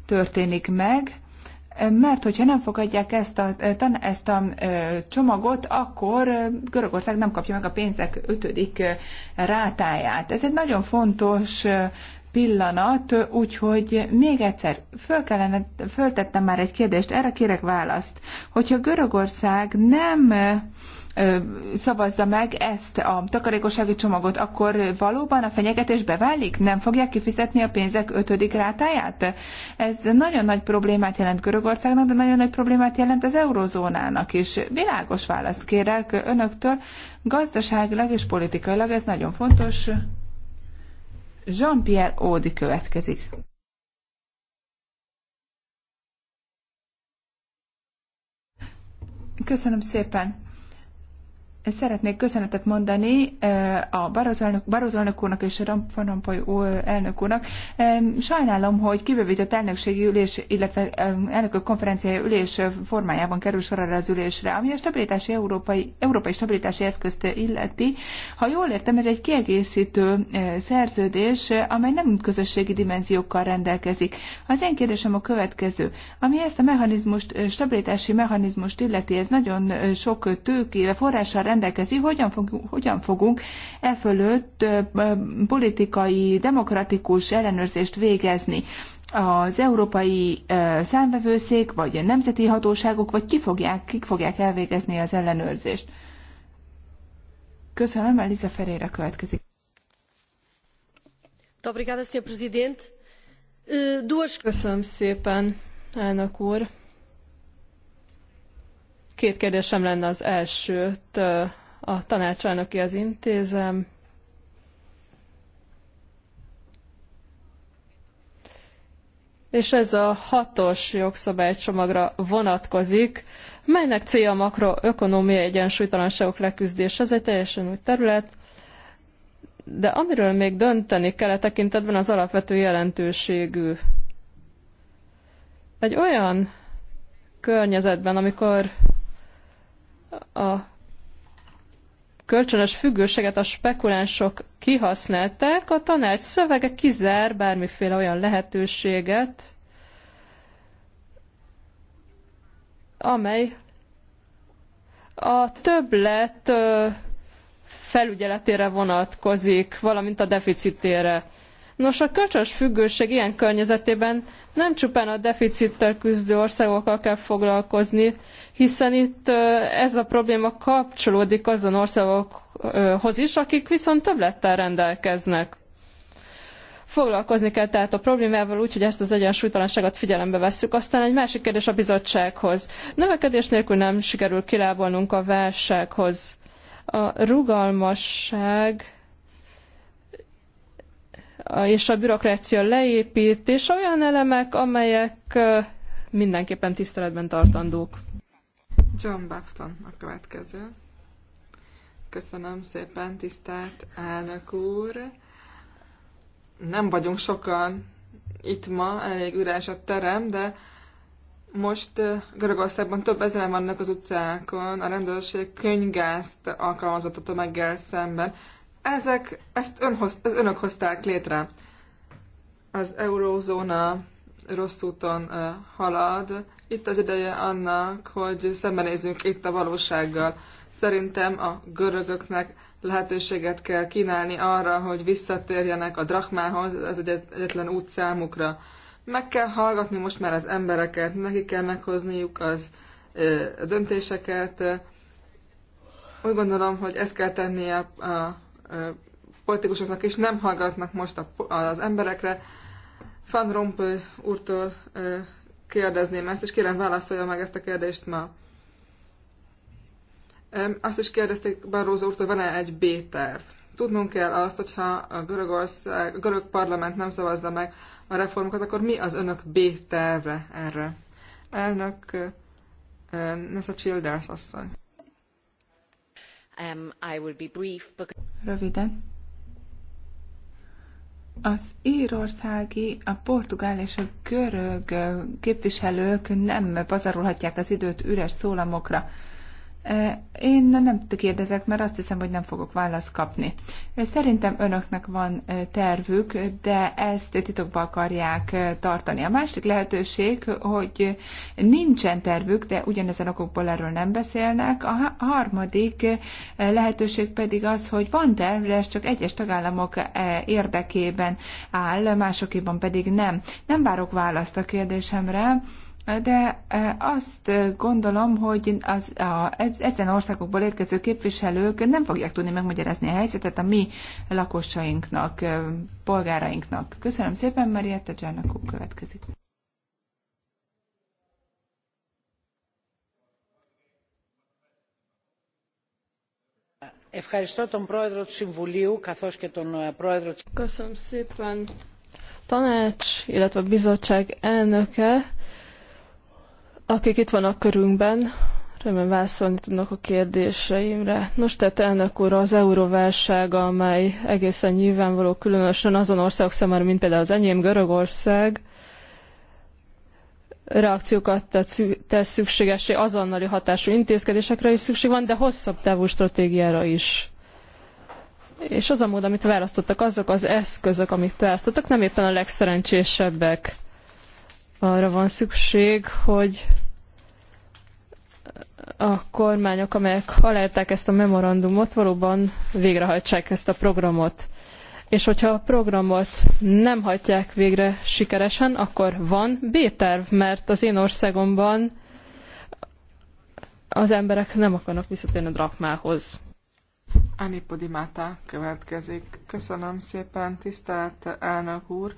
történik meg, mert hogyha nem fogadják ezt a, ezt a csomagot, akkor Görögország nem kapja meg a pénzek ötödik rátáját. Ez egy nagyon fontos pillanat, úgyhogy még egyszer föl kellene, föltettem már egy kérdést, erre kérek választ. Hogyha Görögország nem szavazza meg ezt a takarékossági csomagot, akkor valóban a fenyegetés beválik? Nem fogják kifizetni a pénzek ötödik rátáját? Ez nagyon nagy problémát jelent Görögországnak, de nagyon nagy problémát jelent az eurozónának is. Világos választ kérek önöktől. Gazdaságilag és politikailag ez nagyon fontos. Jean-Pierre Ódi következik. Köszönöm szépen. Szeretnék köszönetet mondani eh, a Barozolnak elnök, úrnak és Van Rompuy elnök úrnak. Sajnálom, hogy kibővített elnökségi ülés, illetve elnökök konferenciája ülés formájában kerül sor az ülésre, ami a stabilitási európai, európai stabilitási eszközt illeti. Ha jól értem, ez egy kiegészítő eh, szerződés, amely nem közösségi dimenziókkal rendelkezik. Az én kérdésem a következő. Ami ezt a mechanizmust, eh, stabilitási mechanizmust illeti, ez nagyon sok tőkével, forrással rendelkezik, rendelkezi, hogyan, fog, hogyan fogunk e fölött politikai, demokratikus ellenőrzést végezni az európai számvevőszék, vagy a nemzeti hatóságok, vagy ki fogják, kik fogják elvégezni az ellenőrzést. Köszönöm, Eliza Ferreira következik. Köszönöm szépen, elnök úr. Két kérdésem lenne az elsőt. A tanácselnökihez intézem. és ez a hatos jogszabálycsomagra vonatkozik, melynek célja a makroökonomiai egyensúlytalanságok leküzdése. Ez egy teljesen új terület, de amiről még dönteni kell a e tekintetben az alapvető jelentőségű. Egy olyan környezetben, amikor a kölcsönös függőséget a spekulánsok kihasználták, a tanács szövege kizár bármiféle olyan lehetőséget, amely a többlet felügyeletére vonatkozik, valamint a deficitére. Nos, a kölcsös függőség ilyen környezetében nem csupán a deficittel küzdő országokkal kell foglalkozni, hiszen itt ez a probléma kapcsolódik azon országokhoz is, akik viszont többlettel rendelkeznek. Foglalkozni kell tehát a problémával úgy, hogy ezt az egyensúlytalanságot figyelembe vesszük. Aztán egy másik kérdés a bizottsághoz. Növekedés nélkül nem sikerül kilábalnunk a válsághoz. A rugalmasság és a bürokrácia és olyan elemek, amelyek mindenképpen tiszteletben tartandók. John Bafton a következő. Köszönöm szépen, tisztelt elnök úr. Nem vagyunk sokan itt ma, elég üres a terem, de most Görögországban több ezeren vannak az utcákon, a rendőrség könygázt alkalmazott a tömeggel szemben. Ezek, ezt ön hoz, az önök hozták létre. Az eurózóna rossz úton halad. Itt az ideje annak, hogy szembenézzünk itt a valósággal. Szerintem a görögöknek lehetőséget kell kínálni arra, hogy visszatérjenek a drachmához, ez egy egyetlen út számukra. Meg kell hallgatni most már az embereket, neki kell meghozniuk az döntéseket. Úgy gondolom, hogy ezt kell tennie a politikusoknak is nem hallgatnak most az emberekre. Van Rompuy úrtól kérdezném ezt, és kérem válaszolja meg ezt a kérdést ma. Azt is kérdezték Barroso úrtól, van-e egy B-terv? Tudnunk kell azt, hogyha a, Görögország, a görög parlament nem szavazza meg a reformokat, akkor mi az önök B-terve erre? Elnök Nessa Childers asszony. Um, I will be brief because... Röviden. Az írországi, a portugál és a görög képviselők nem pazarolhatják az időt üres szólamokra. Én nem kérdezek, mert azt hiszem, hogy nem fogok választ kapni. Szerintem önöknek van tervük, de ezt titokba akarják tartani. A másik lehetőség, hogy nincsen tervük, de ugyanezen okokból erről nem beszélnek. A harmadik lehetőség pedig az, hogy van terv, de ez csak egyes tagállamok érdekében áll, másokéban pedig nem. Nem várok választ a kérdésemre de e, azt e, gondolom, hogy az, a, ezen országokból érkező képviselők nem fogják tudni megmagyarázni a helyzetet a mi lakosainknak, e, polgárainknak. Köszönöm szépen, Marietta Csárnakó következik. Köszönöm szépen tanács, illetve bizottság elnöke akik itt vannak körünkben, remélem válaszolni tudnak a kérdéseimre. Nos, tehát elnök úr, az euróválság, amely egészen nyilvánvaló, különösen azon országok számára, mint például az enyém Görögország, reakciókat tesz szükségesé, azonnali hatású intézkedésekre is szükség van, de hosszabb távú stratégiára is. És az a mód, amit választottak, azok az eszközök, amit választottak, nem éppen a legszerencsésebbek. Arra van szükség, hogy a kormányok, amelyek aláírták ezt a memorandumot, valóban végrehajtsák ezt a programot. És hogyha a programot nem hajtják végre sikeresen, akkor van B-terv, mert az én országomban az emberek nem akarnak visszatérni a drakmához. Anipodi Podimata következik. Köszönöm szépen, tisztelt elnök úr!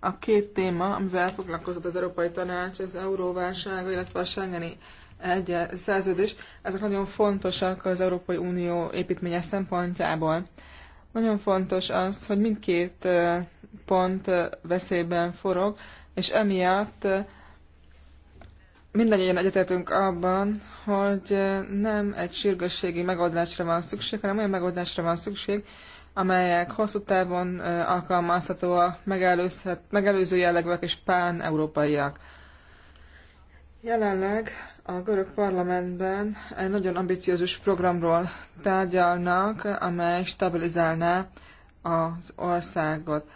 A két téma, amivel foglalkozott az Európai Tanács, az euróválság, illetve a Schengeni egy szerződés, ezek nagyon fontosak az Európai Unió építménye szempontjából. Nagyon fontos az, hogy mindkét pont veszélyben forog, és emiatt mindannyian egyetértünk abban, hogy nem egy sürgősségi megoldásra van szükség, hanem olyan megoldásra van szükség, amelyek hosszú távon alkalmazhatóak, megelőző jellegűek és pán-európaiak. Jelenleg a görög parlamentben egy nagyon ambiciózus programról tárgyalnak, amely stabilizálná az országot.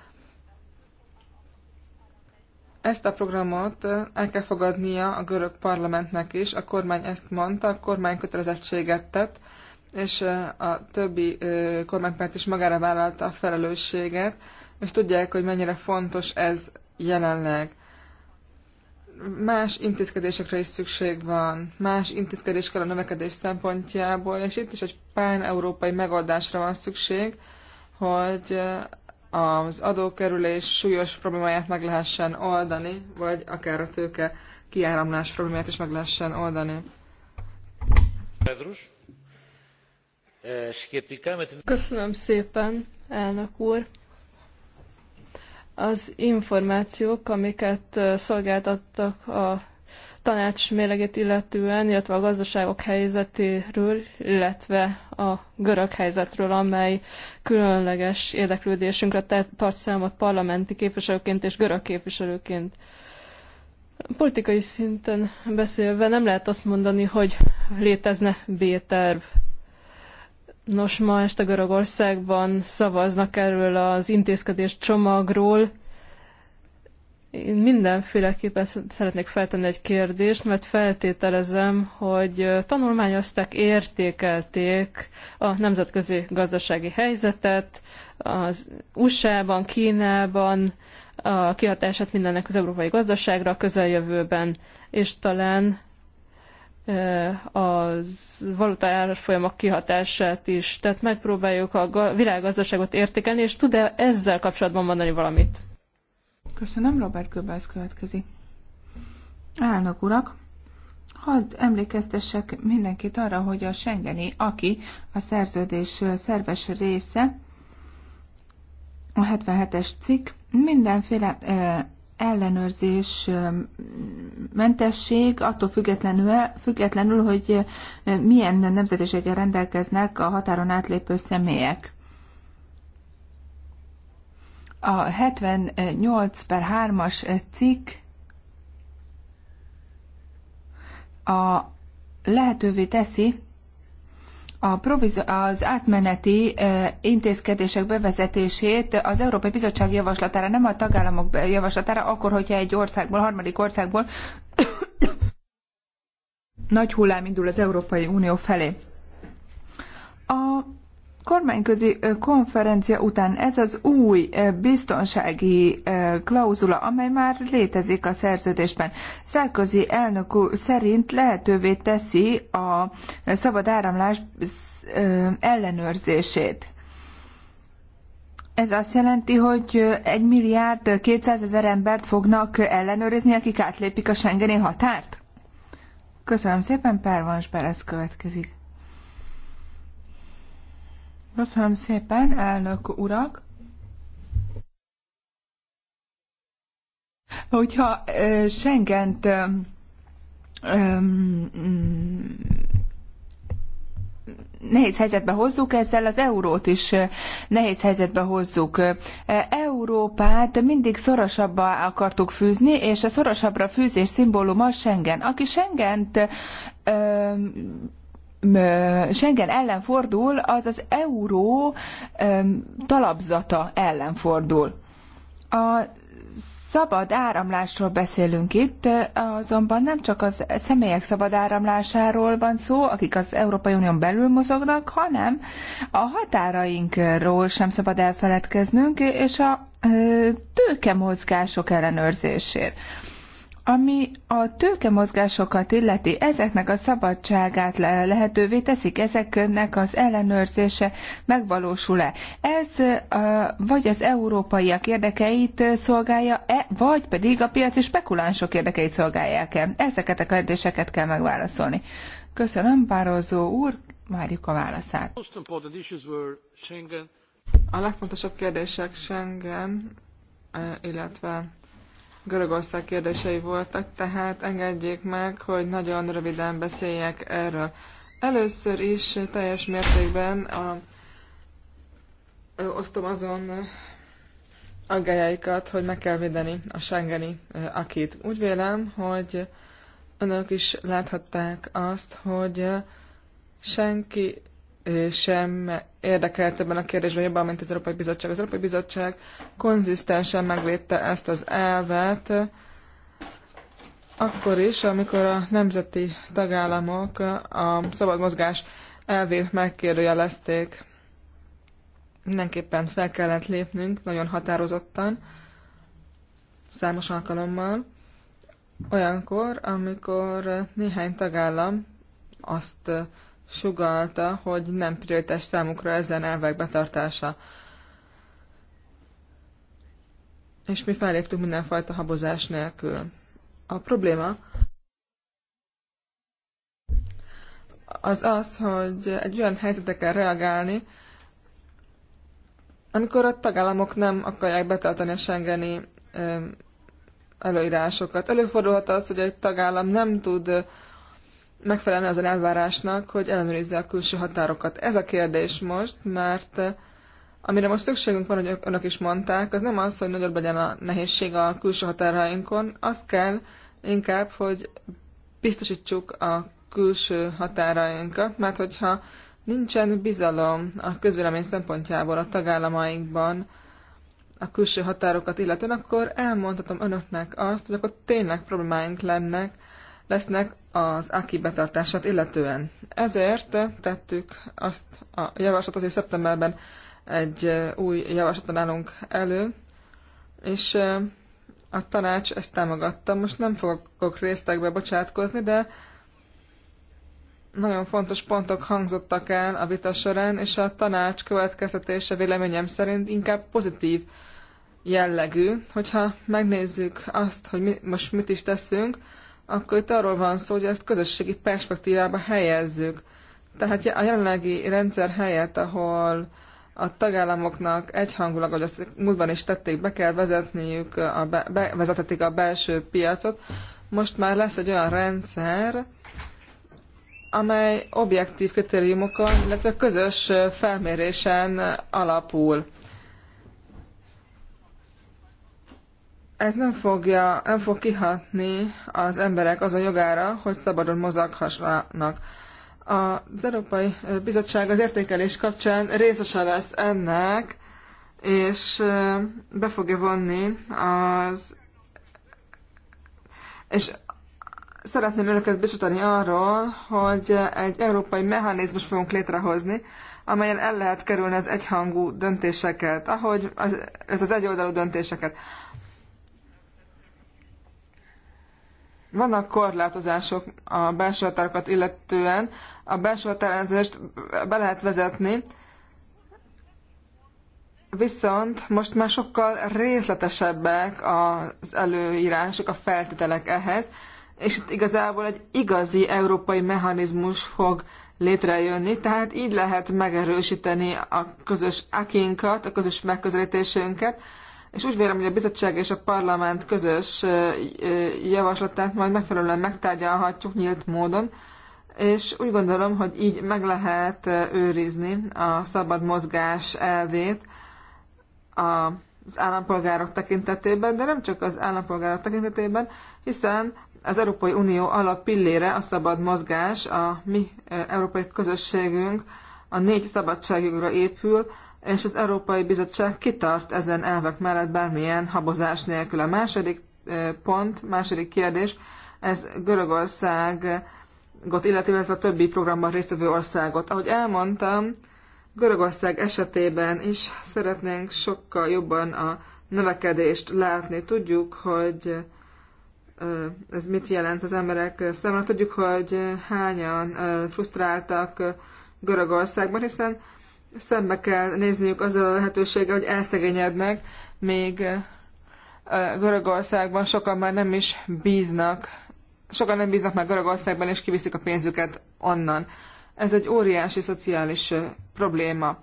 Ezt a programot el kell fogadnia a görög parlamentnek is. A kormány ezt mondta, a kormány kötelezettséget tett, és a többi kormánypárt is magára vállalta a felelősséget, és tudják, hogy mennyire fontos ez jelenleg más intézkedésekre is szükség van, más intézkedés kell a növekedés szempontjából, és itt is egy pán-európai megoldásra van szükség, hogy az adókerülés súlyos problémáját meg lehessen oldani, vagy akár a tőke kiáramlás problémáját is meg lehessen oldani. Eh, Köszönöm szépen, elnök úr! az információk, amiket szolgáltattak a tanács mélegét illetően, illetve a gazdaságok helyzetéről, illetve a görög helyzetről, amely különleges érdeklődésünkre tart számot parlamenti képviselőként és görög képviselőként. Politikai szinten beszélve nem lehet azt mondani, hogy létezne B-terv. Nos, ma este Görögországban szavaznak erről az intézkedés csomagról. Én mindenféleképpen szeretnék feltenni egy kérdést, mert feltételezem, hogy tanulmányozták, értékelték a nemzetközi gazdasági helyzetet az USA-ban, Kínában, a kihatását mindennek az európai gazdaságra a közeljövőben, és talán a valuta árfolyamok kihatását is. Tehát megpróbáljuk a világgazdaságot értékelni, és tud-e ezzel kapcsolatban mondani valamit? Köszönöm, Robert Göbbels következik. Állnak urak! Hadd emlékeztessek mindenkit arra, hogy a Schengeni, aki a szerződés szerves része, a 77-es cikk mindenféle ellenőrzés mentesség, attól függetlenül, függetlenül, hogy milyen nemzetiséggel rendelkeznek a határon átlépő személyek. A 78 per 3-as cikk a lehetővé teszi a proviz- az átmeneti intézkedések bevezetését az Európai Bizottság javaslatára, nem a tagállamok javaslatára, akkor, hogyha egy országból, harmadik országból *coughs* nagy hullám indul az Európai Unió felé. A kormányközi konferencia után ez az új biztonsági klauzula, amely már létezik a szerződésben, Sarkozy elnök úr szerint lehetővé teszi a szabad áramlás ellenőrzését. Ez azt jelenti, hogy egy milliárd 200 ezer embert fognak ellenőrizni, akik átlépik a Schengeni határt? Köszönöm szépen, Pervans Berez következik. Köszönöm szépen, elnök urak! Hogyha sengent Schengent nehéz helyzetbe hozzuk, ezzel az eurót is nehéz helyzetbe hozzuk. Európát mindig szorosabbá akartuk fűzni, és a szorosabbra fűzés szimbóluma Schengen. Aki Schengent Schengen ellen fordul, az az euró talapzata ellen fordul. A szabad áramlásról beszélünk itt, azonban nem csak az személyek szabad áramlásáról van szó, akik az Európai Unión belül mozognak, hanem a határainkról sem szabad elfeledkeznünk, és a tőkemozgások ellenőrzésért. Ami a tőkemozgásokat illeti, ezeknek a szabadságát lehetővé teszik, ezeknek az ellenőrzése megvalósul-e? Ez vagy az európaiak érdekeit szolgálja-e, vagy pedig a piaci spekulánsok érdekeit szolgálják-e? Ezeket a kérdéseket kell megválaszolni. Köszönöm, Pározó úr, várjuk a válaszát. A legfontosabb kérdések Schengen, eh, illetve Görögország kérdései voltak, tehát engedjék meg, hogy nagyon röviden beszéljek erről. Először is teljes mértékben a, ö, osztom azon aggájaikat, hogy meg kell védeni a Schengeni akit. Úgy vélem, hogy önök is láthatták azt, hogy senki sem érdekelt ebben a kérdésben jobban, mint az Európai Bizottság. Az Európai Bizottság konzisztensen megvédte ezt az elvet, akkor is, amikor a nemzeti tagállamok a szabad mozgás elvét megkérdőjelezték. Mindenképpen fel kellett lépnünk, nagyon határozottan, számos alkalommal. Olyankor, amikor néhány tagállam azt sugalta, hogy nem prioritás számukra ezen elvek betartása. És mi felléptünk mindenfajta habozás nélkül. A probléma az az, hogy egy olyan helyzetre kell reagálni, amikor a tagállamok nem akarják betartani a Schengeni előírásokat. Előfordulhat az, hogy egy tagállam nem tud megfelelne az elvárásnak, hogy ellenőrizze a külső határokat. Ez a kérdés most, mert eh, amire most szükségünk van, hogy önök is mondták, az nem az, hogy nagyobb legyen a nehézség a külső határainkon, az kell inkább, hogy biztosítsuk a külső határainkat, mert hogyha nincsen bizalom a közvélemény szempontjából a tagállamainkban a külső határokat illetően, akkor elmondhatom önöknek azt, hogy akkor tényleg problémáink lennek, lesznek az AKI betartását illetően. Ezért tettük azt a javaslatot, hogy szeptemberben egy új javaslaton állunk elő, és a tanács ezt támogatta. Most nem fogok résztekbe bocsátkozni, de nagyon fontos pontok hangzottak el a vita során, és a tanács következtetése véleményem szerint inkább pozitív jellegű. Hogyha megnézzük azt, hogy mi, most mit is teszünk, akkor itt arról van szó, hogy ezt közösségi perspektívába helyezzük. Tehát a jelenlegi rendszer helyett, ahol a tagállamoknak egyhangulag, ahogy azt múltban is tették, be kell vezetniük, a be, bevezetetik a belső piacot, most már lesz egy olyan rendszer, amely objektív kritériumokon, illetve közös felmérésen alapul. ez nem, fogja, nem fog kihatni az emberek azon jogára, hogy szabadon mozoghassanak. Az Európai Bizottság az értékelés kapcsán részese lesz ennek, és be fogja vonni az... És szeretném önöket biztosítani arról, hogy egy európai mechanizmus fogunk létrehozni, amelyen el lehet kerülni az egyhangú döntéseket, ahogy az, ez az egyoldalú döntéseket. Vannak korlátozások a belső határokat illetően. A belső határozást be lehet vezetni, viszont most már sokkal részletesebbek az előírások, a feltételek ehhez, és itt igazából egy igazi európai mechanizmus fog létrejönni, tehát így lehet megerősíteni a közös akinkat, a közös megközelítésünket, és úgy vélem, hogy a bizottság és a parlament közös javaslatát majd megfelelően megtárgyalhatjuk nyílt módon, és úgy gondolom, hogy így meg lehet őrizni a szabad mozgás elvét az állampolgárok tekintetében, de nem csak az állampolgárok tekintetében, hiszen az Európai Unió pillére a szabad mozgás, a mi európai közösségünk a négy szabadságjogra épül, és az Európai Bizottság kitart ezen elvek mellett bármilyen habozás nélkül. A második pont, második kérdés, ez Görögországot, illetve a többi programban résztvevő országot. Ahogy elmondtam, Görögország esetében is szeretnénk sokkal jobban a növekedést látni. Tudjuk, hogy ez mit jelent az emberek számára. Tudjuk, hogy hányan frusztráltak Görögországban, hiszen szembe kell nézniük azzal a lehetőséggel, hogy elszegényednek, még eh, Görögországban sokan már nem is bíznak, sokan nem bíznak már Görögországban, és kiviszik a pénzüket onnan. Ez egy óriási szociális eh, probléma.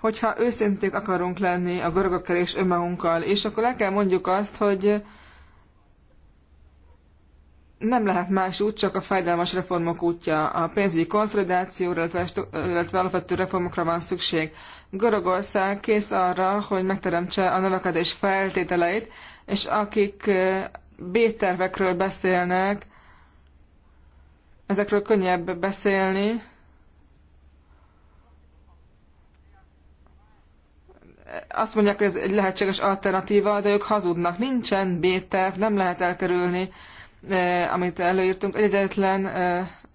Hogyha őszinték akarunk lenni a görögökkel és önmagunkkal, és akkor le kell mondjuk azt, hogy nem lehet más út, csak a fájdalmas reformok útja. A pénzügyi konszolidációra, illetve alapvető reformokra van szükség. Görögország kész arra, hogy megteremtse a növekedés feltételeit, és akik B-tervekről beszélnek, ezekről könnyebb beszélni, azt mondják, hogy ez egy lehetséges alternatíva, de ők hazudnak. Nincsen B-terv, nem lehet elkerülni amit előírtunk, egyetlen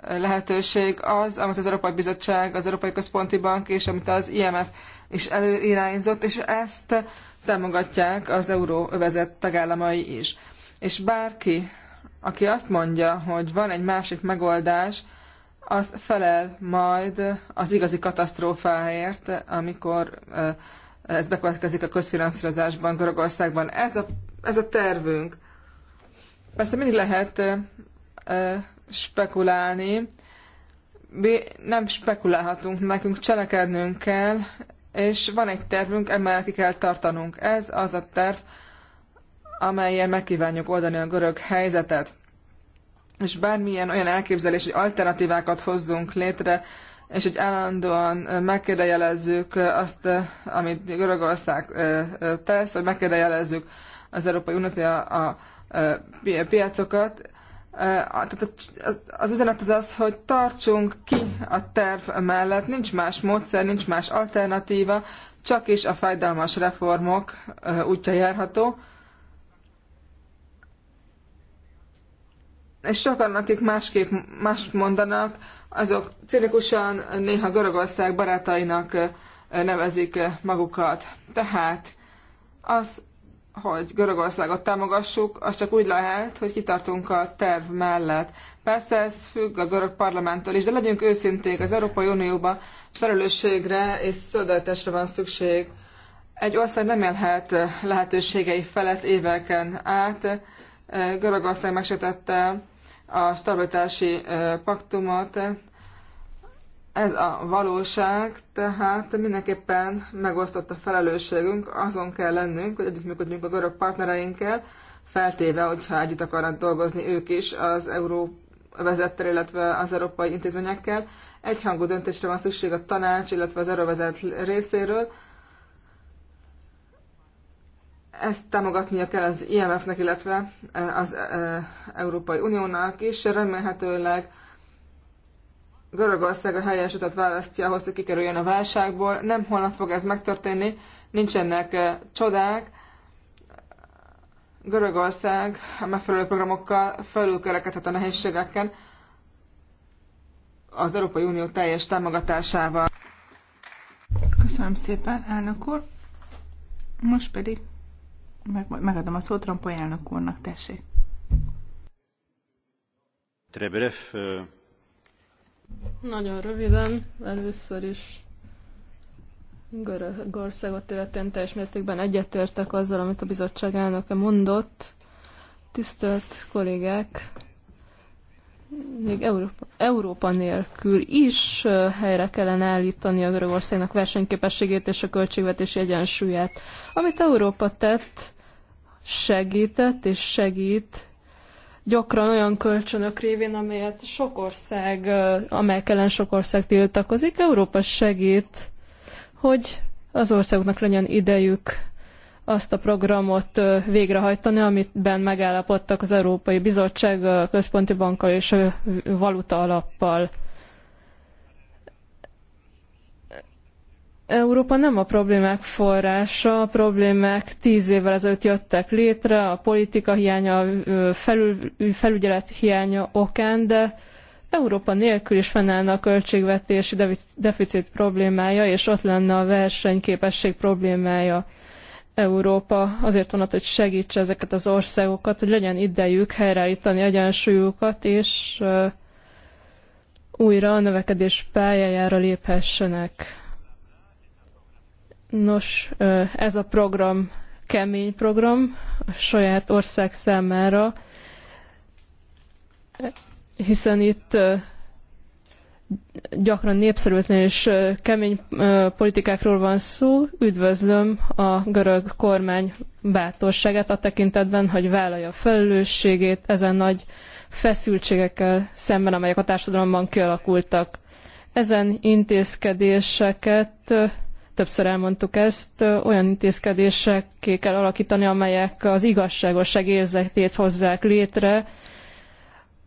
lehetőség az, amit az Európai Bizottság, az Európai Központi Bank és amit az IMF is előirányzott, és ezt támogatják az euróövezet tagállamai is. És bárki, aki azt mondja, hogy van egy másik megoldás, az felel majd az igazi katasztrófáért, amikor ez bekövetkezik a közfinanszírozásban Görögországban. Ez a, ez a tervünk. Persze mindig lehet spekulálni, mi nem spekulálhatunk, nekünk cselekednünk kell, és van egy tervünk, emellett ki kell tartanunk. Ez az a terv, amelyen megkívánjuk oldani a görög helyzetet. És bármilyen olyan elképzelés, hogy alternatívákat hozzunk létre, és hogy állandóan megkérdejelezzük azt, amit Görögország tesz, vagy megkérdejelezzük az Európai Uniót, a, a piacokat. Tehát az üzenet az az, hogy tartsunk ki a terv mellett, nincs más módszer, nincs más alternatíva, csak is a fájdalmas reformok útja járható. És sokan, akik másképp más mondanak, azok cinikusan néha Görögország barátainak nevezik magukat. Tehát az, hogy Görögországot támogassuk, az csak úgy lehet, hogy kitartunk a terv mellett. Persze ez függ a görög parlamenttől is, de legyünk őszinték, az Európai Unióban felelősségre és szolidaritásra van szükség. Egy ország nem élhet lehetőségei felett éveken át. Görögország megsértette a stabilitási paktumot, ez a valóság, tehát mindenképpen megosztott a felelősségünk, azon kell lennünk, hogy együttműködjünk a görög partnereinkkel, feltéve, hogyha együtt akarnak dolgozni ők is az Euró vezettel, illetve az európai intézményekkel. Egyhangú döntésre van szükség a tanács, illetve az euróvezet részéről. Ezt támogatnia kell az IMF-nek, illetve az e, Európai Uniónak is. Remélhetőleg Görögország a helyes utat választja ahhoz, hogy kikerüljön a válságból. Nem holnap fog ez megtörténni, nincsenek eh, csodák. Görögország a megfelelő programokkal felülkerekedhet a nehézségeken az Európai Unió teljes támogatásával. Köszönöm szépen, elnök úr. Most pedig meg, megadom a szót Rompoly elnök úrnak, tessék. Très bref, euh... Nagyon röviden, először is Görögországot illetően teljes mértékben egyetértek azzal, amit a bizottság elnöke mondott. Tisztelt kollégák, még Európa, Európa nélkül is helyre kellene állítani a Görögországnak versenyképességét és a költségvetési egyensúlyát. Amit Európa tett, segített és segít gyakran olyan kölcsönök révén, amelyet sok ország, amelyek ellen sok ország tiltakozik, Európa segít, hogy az országoknak legyen idejük azt a programot végrehajtani, amitben megállapodtak az Európai Bizottság, a Központi Bankkal és a Valuta Alappal. Európa nem a problémák forrása, a problémák tíz évvel ezelőtt jöttek létre, a politika hiánya, felül, felügyelet hiánya okán, de Európa nélkül is fennállna a költségvetési deficit problémája, és ott lenne a versenyképesség problémája. Európa azért van ott, hogy segítse ezeket az országokat, hogy legyen idejük helyreállítani egyensúlyukat, és újra a növekedés pályájára léphessenek. Nos, ez a program kemény program a saját ország számára, hiszen itt gyakran népszerűtlen és kemény politikákról van szó. Üdvözlöm a görög kormány bátorságát a tekintetben, hogy vállalja a felelősségét ezen nagy feszültségekkel szemben, amelyek a társadalomban kialakultak. Ezen intézkedéseket többször elmondtuk ezt, olyan intézkedésekké kell alakítani, amelyek az igazságosság érzetét hozzák létre.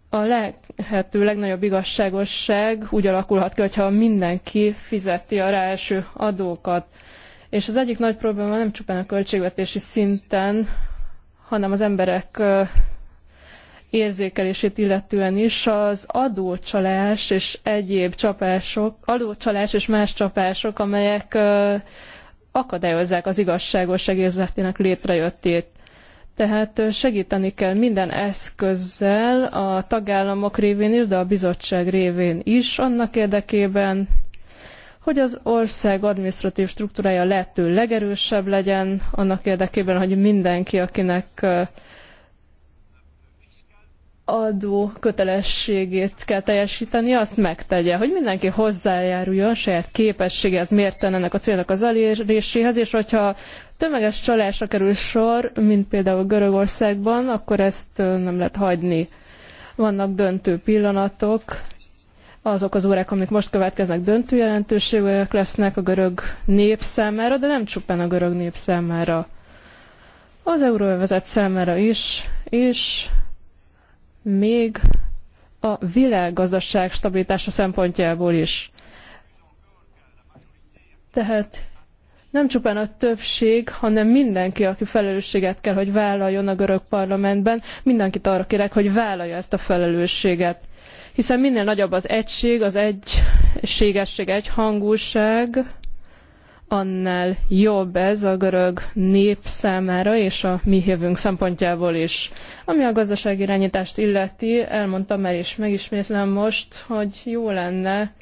A lehető legnagyobb igazságosság úgy alakulhat ki, hogyha mindenki fizeti a rá első adókat. És az egyik nagy probléma nem csupán a költségvetési szinten, hanem az emberek érzékelését illetően is az adócsalás és egyéb csapások, adócsalás és más csapások, amelyek akadályozzák az igazságosság érzetének létrejöttét. Tehát segíteni kell minden eszközzel a tagállamok révén is, de a bizottság révén is annak érdekében, hogy az ország administratív struktúrája lehető legerősebb legyen, annak érdekében, hogy mindenki, akinek adó kötelességét kell teljesíteni, azt megtegye, hogy mindenki hozzájáruljon saját képességehez, mérten ennek a célnak az eléréséhez, és hogyha tömeges csalásra kerül sor, mint például Görögországban, akkor ezt nem lehet hagyni. Vannak döntő pillanatok, azok az órák, amik most következnek, döntő jelentőségűek lesznek a görög nép számára, de nem csupán a görög nép számára. Az euróvezet számára is, és még a világgazdaság stabilitása szempontjából is. Tehát nem csupán a többség, hanem mindenki, aki felelősséget kell, hogy vállaljon a görög parlamentben, mindenkit arra kérek, hogy vállalja ezt a felelősséget. Hiszen minél nagyobb az egység, az egységesség, egyhangúság, annál jobb ez a görög nép számára és a mi hívünk szempontjából is. Ami a gazdasági irányítást illeti, elmondtam már és megismétlem most, hogy jó lenne,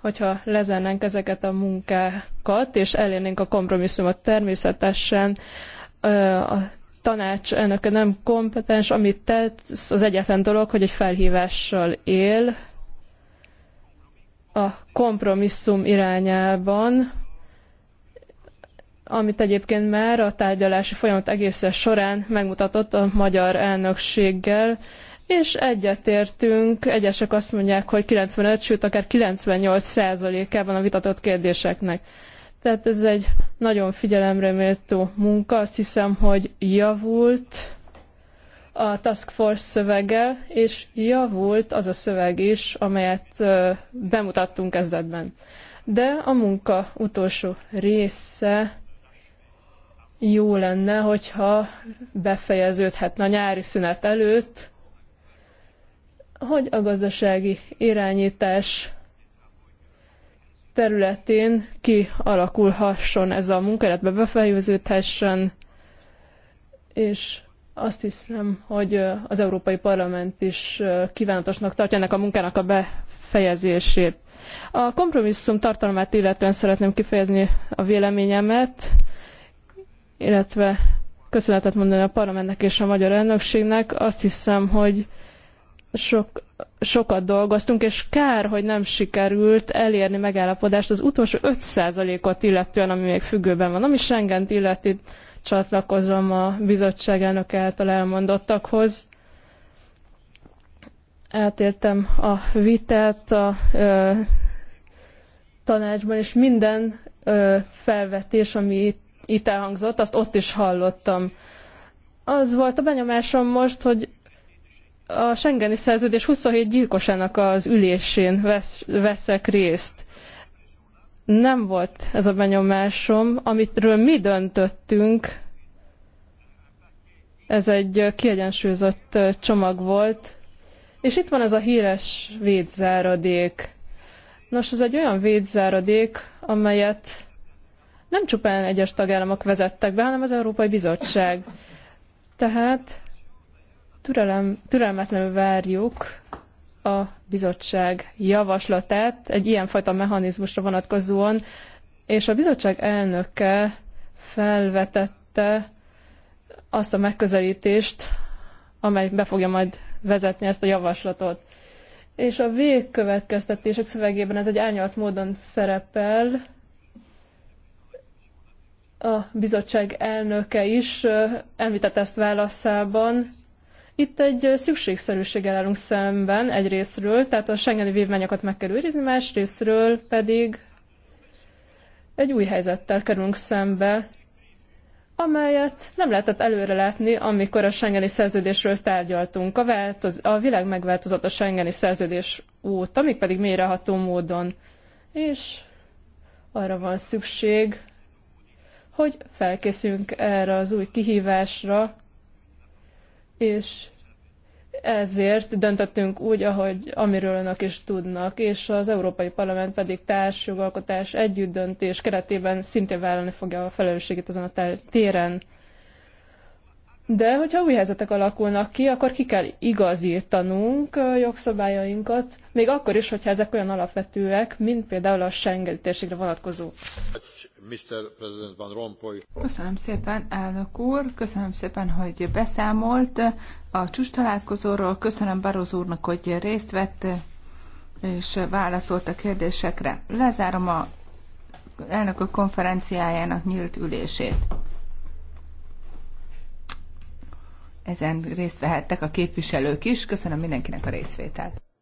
hogyha lezárnánk ezeket a munkákat, és elérnénk a kompromisszumot természetesen, a tanács elnöke nem kompetens, amit tesz az egyetlen dolog, hogy egy felhívással él a kompromisszum irányában, amit egyébként már a tárgyalási folyamat egészen során megmutatott a magyar elnökséggel, és egyetértünk, egyesek azt mondják, hogy 95, sőt akár 98 százalékában a vitatott kérdéseknek. Tehát ez egy nagyon figyelemre méltó munka, azt hiszem, hogy javult a Task Force szövege, és javult az a szöveg is, amelyet bemutattunk kezdetben. De a munka utolsó része jó lenne, hogyha befejeződhetne a nyári szünet előtt, hogy a gazdasági irányítás területén kialakulhasson ez a munkálatba, befejeződhessen, és azt hiszem, hogy az Európai Parlament is kívánatosnak tartja ennek a munkának a befejezését. A kompromisszum tartalmát illetően szeretném kifejezni a véleményemet illetve köszönetet mondani a parlamentnek és a magyar elnökségnek. Azt hiszem, hogy sok, sokat dolgoztunk, és kár, hogy nem sikerült elérni megállapodást az utolsó 5%-ot illetően, ami még függőben van, ami Schengent illeti, csatlakozom a bizottság elnök által elmondottakhoz. Eltértem a vitát a ö, tanácsban, és minden ö, felvetés, ami itt itt elhangzott, azt ott is hallottam. Az volt a benyomásom most, hogy a Schengeni szerződés 27 gyilkosának az ülésén veszek részt. Nem volt ez a benyomásom, amitről mi döntöttünk. Ez egy kiegyensúlyozott csomag volt. És itt van ez a híres védzáradék. Nos, ez egy olyan védzáradék, amelyet nem csupán egyes tagállamok vezettek be, hanem az Európai Bizottság. Tehát türelem, türelmetlenül várjuk a bizottság javaslatát egy ilyenfajta mechanizmusra vonatkozóan, és a bizottság elnöke felvetette azt a megközelítést, amely be fogja majd vezetni ezt a javaslatot. És a végkövetkeztetések szövegében ez egy árnyalt módon szerepel, a bizottság elnöke is említette ezt válaszában. Itt egy szükségszerűséggel állunk szemben egyrésztről, tehát a Schengeni vívmányokat meg kell őrizni, másrésztről pedig egy új helyzettel kerülünk szembe, amelyet nem lehetett előre látni, amikor a Schengeni szerződésről tárgyaltunk. A, változ, a világ megváltozott a Schengeni szerződés óta, amik pedig mélyreható módon. És arra van szükség, hogy felkészülünk erre az új kihívásra, és ezért döntöttünk úgy, ahogy amiről önök is tudnak, és az Európai Parlament pedig társjogalkotás együttdöntés keretében szintén vállalni fogja a felelősségét ezen a téren. De hogyha új helyzetek alakulnak ki, akkor ki kell igazítanunk jogszabályainkat, még akkor is, hogyha ezek olyan alapvetőek, mint például a Schengen vonatkozó. Köszönöm szépen, elnök úr, köszönöm szépen, hogy beszámolt a csúcs találkozóról, köszönöm Baroz úrnak, hogy részt vett és válaszolt a kérdésekre. Lezárom a elnökök konferenciájának nyílt ülését. Ezen részt vehettek a képviselők is. Köszönöm mindenkinek a részvételt.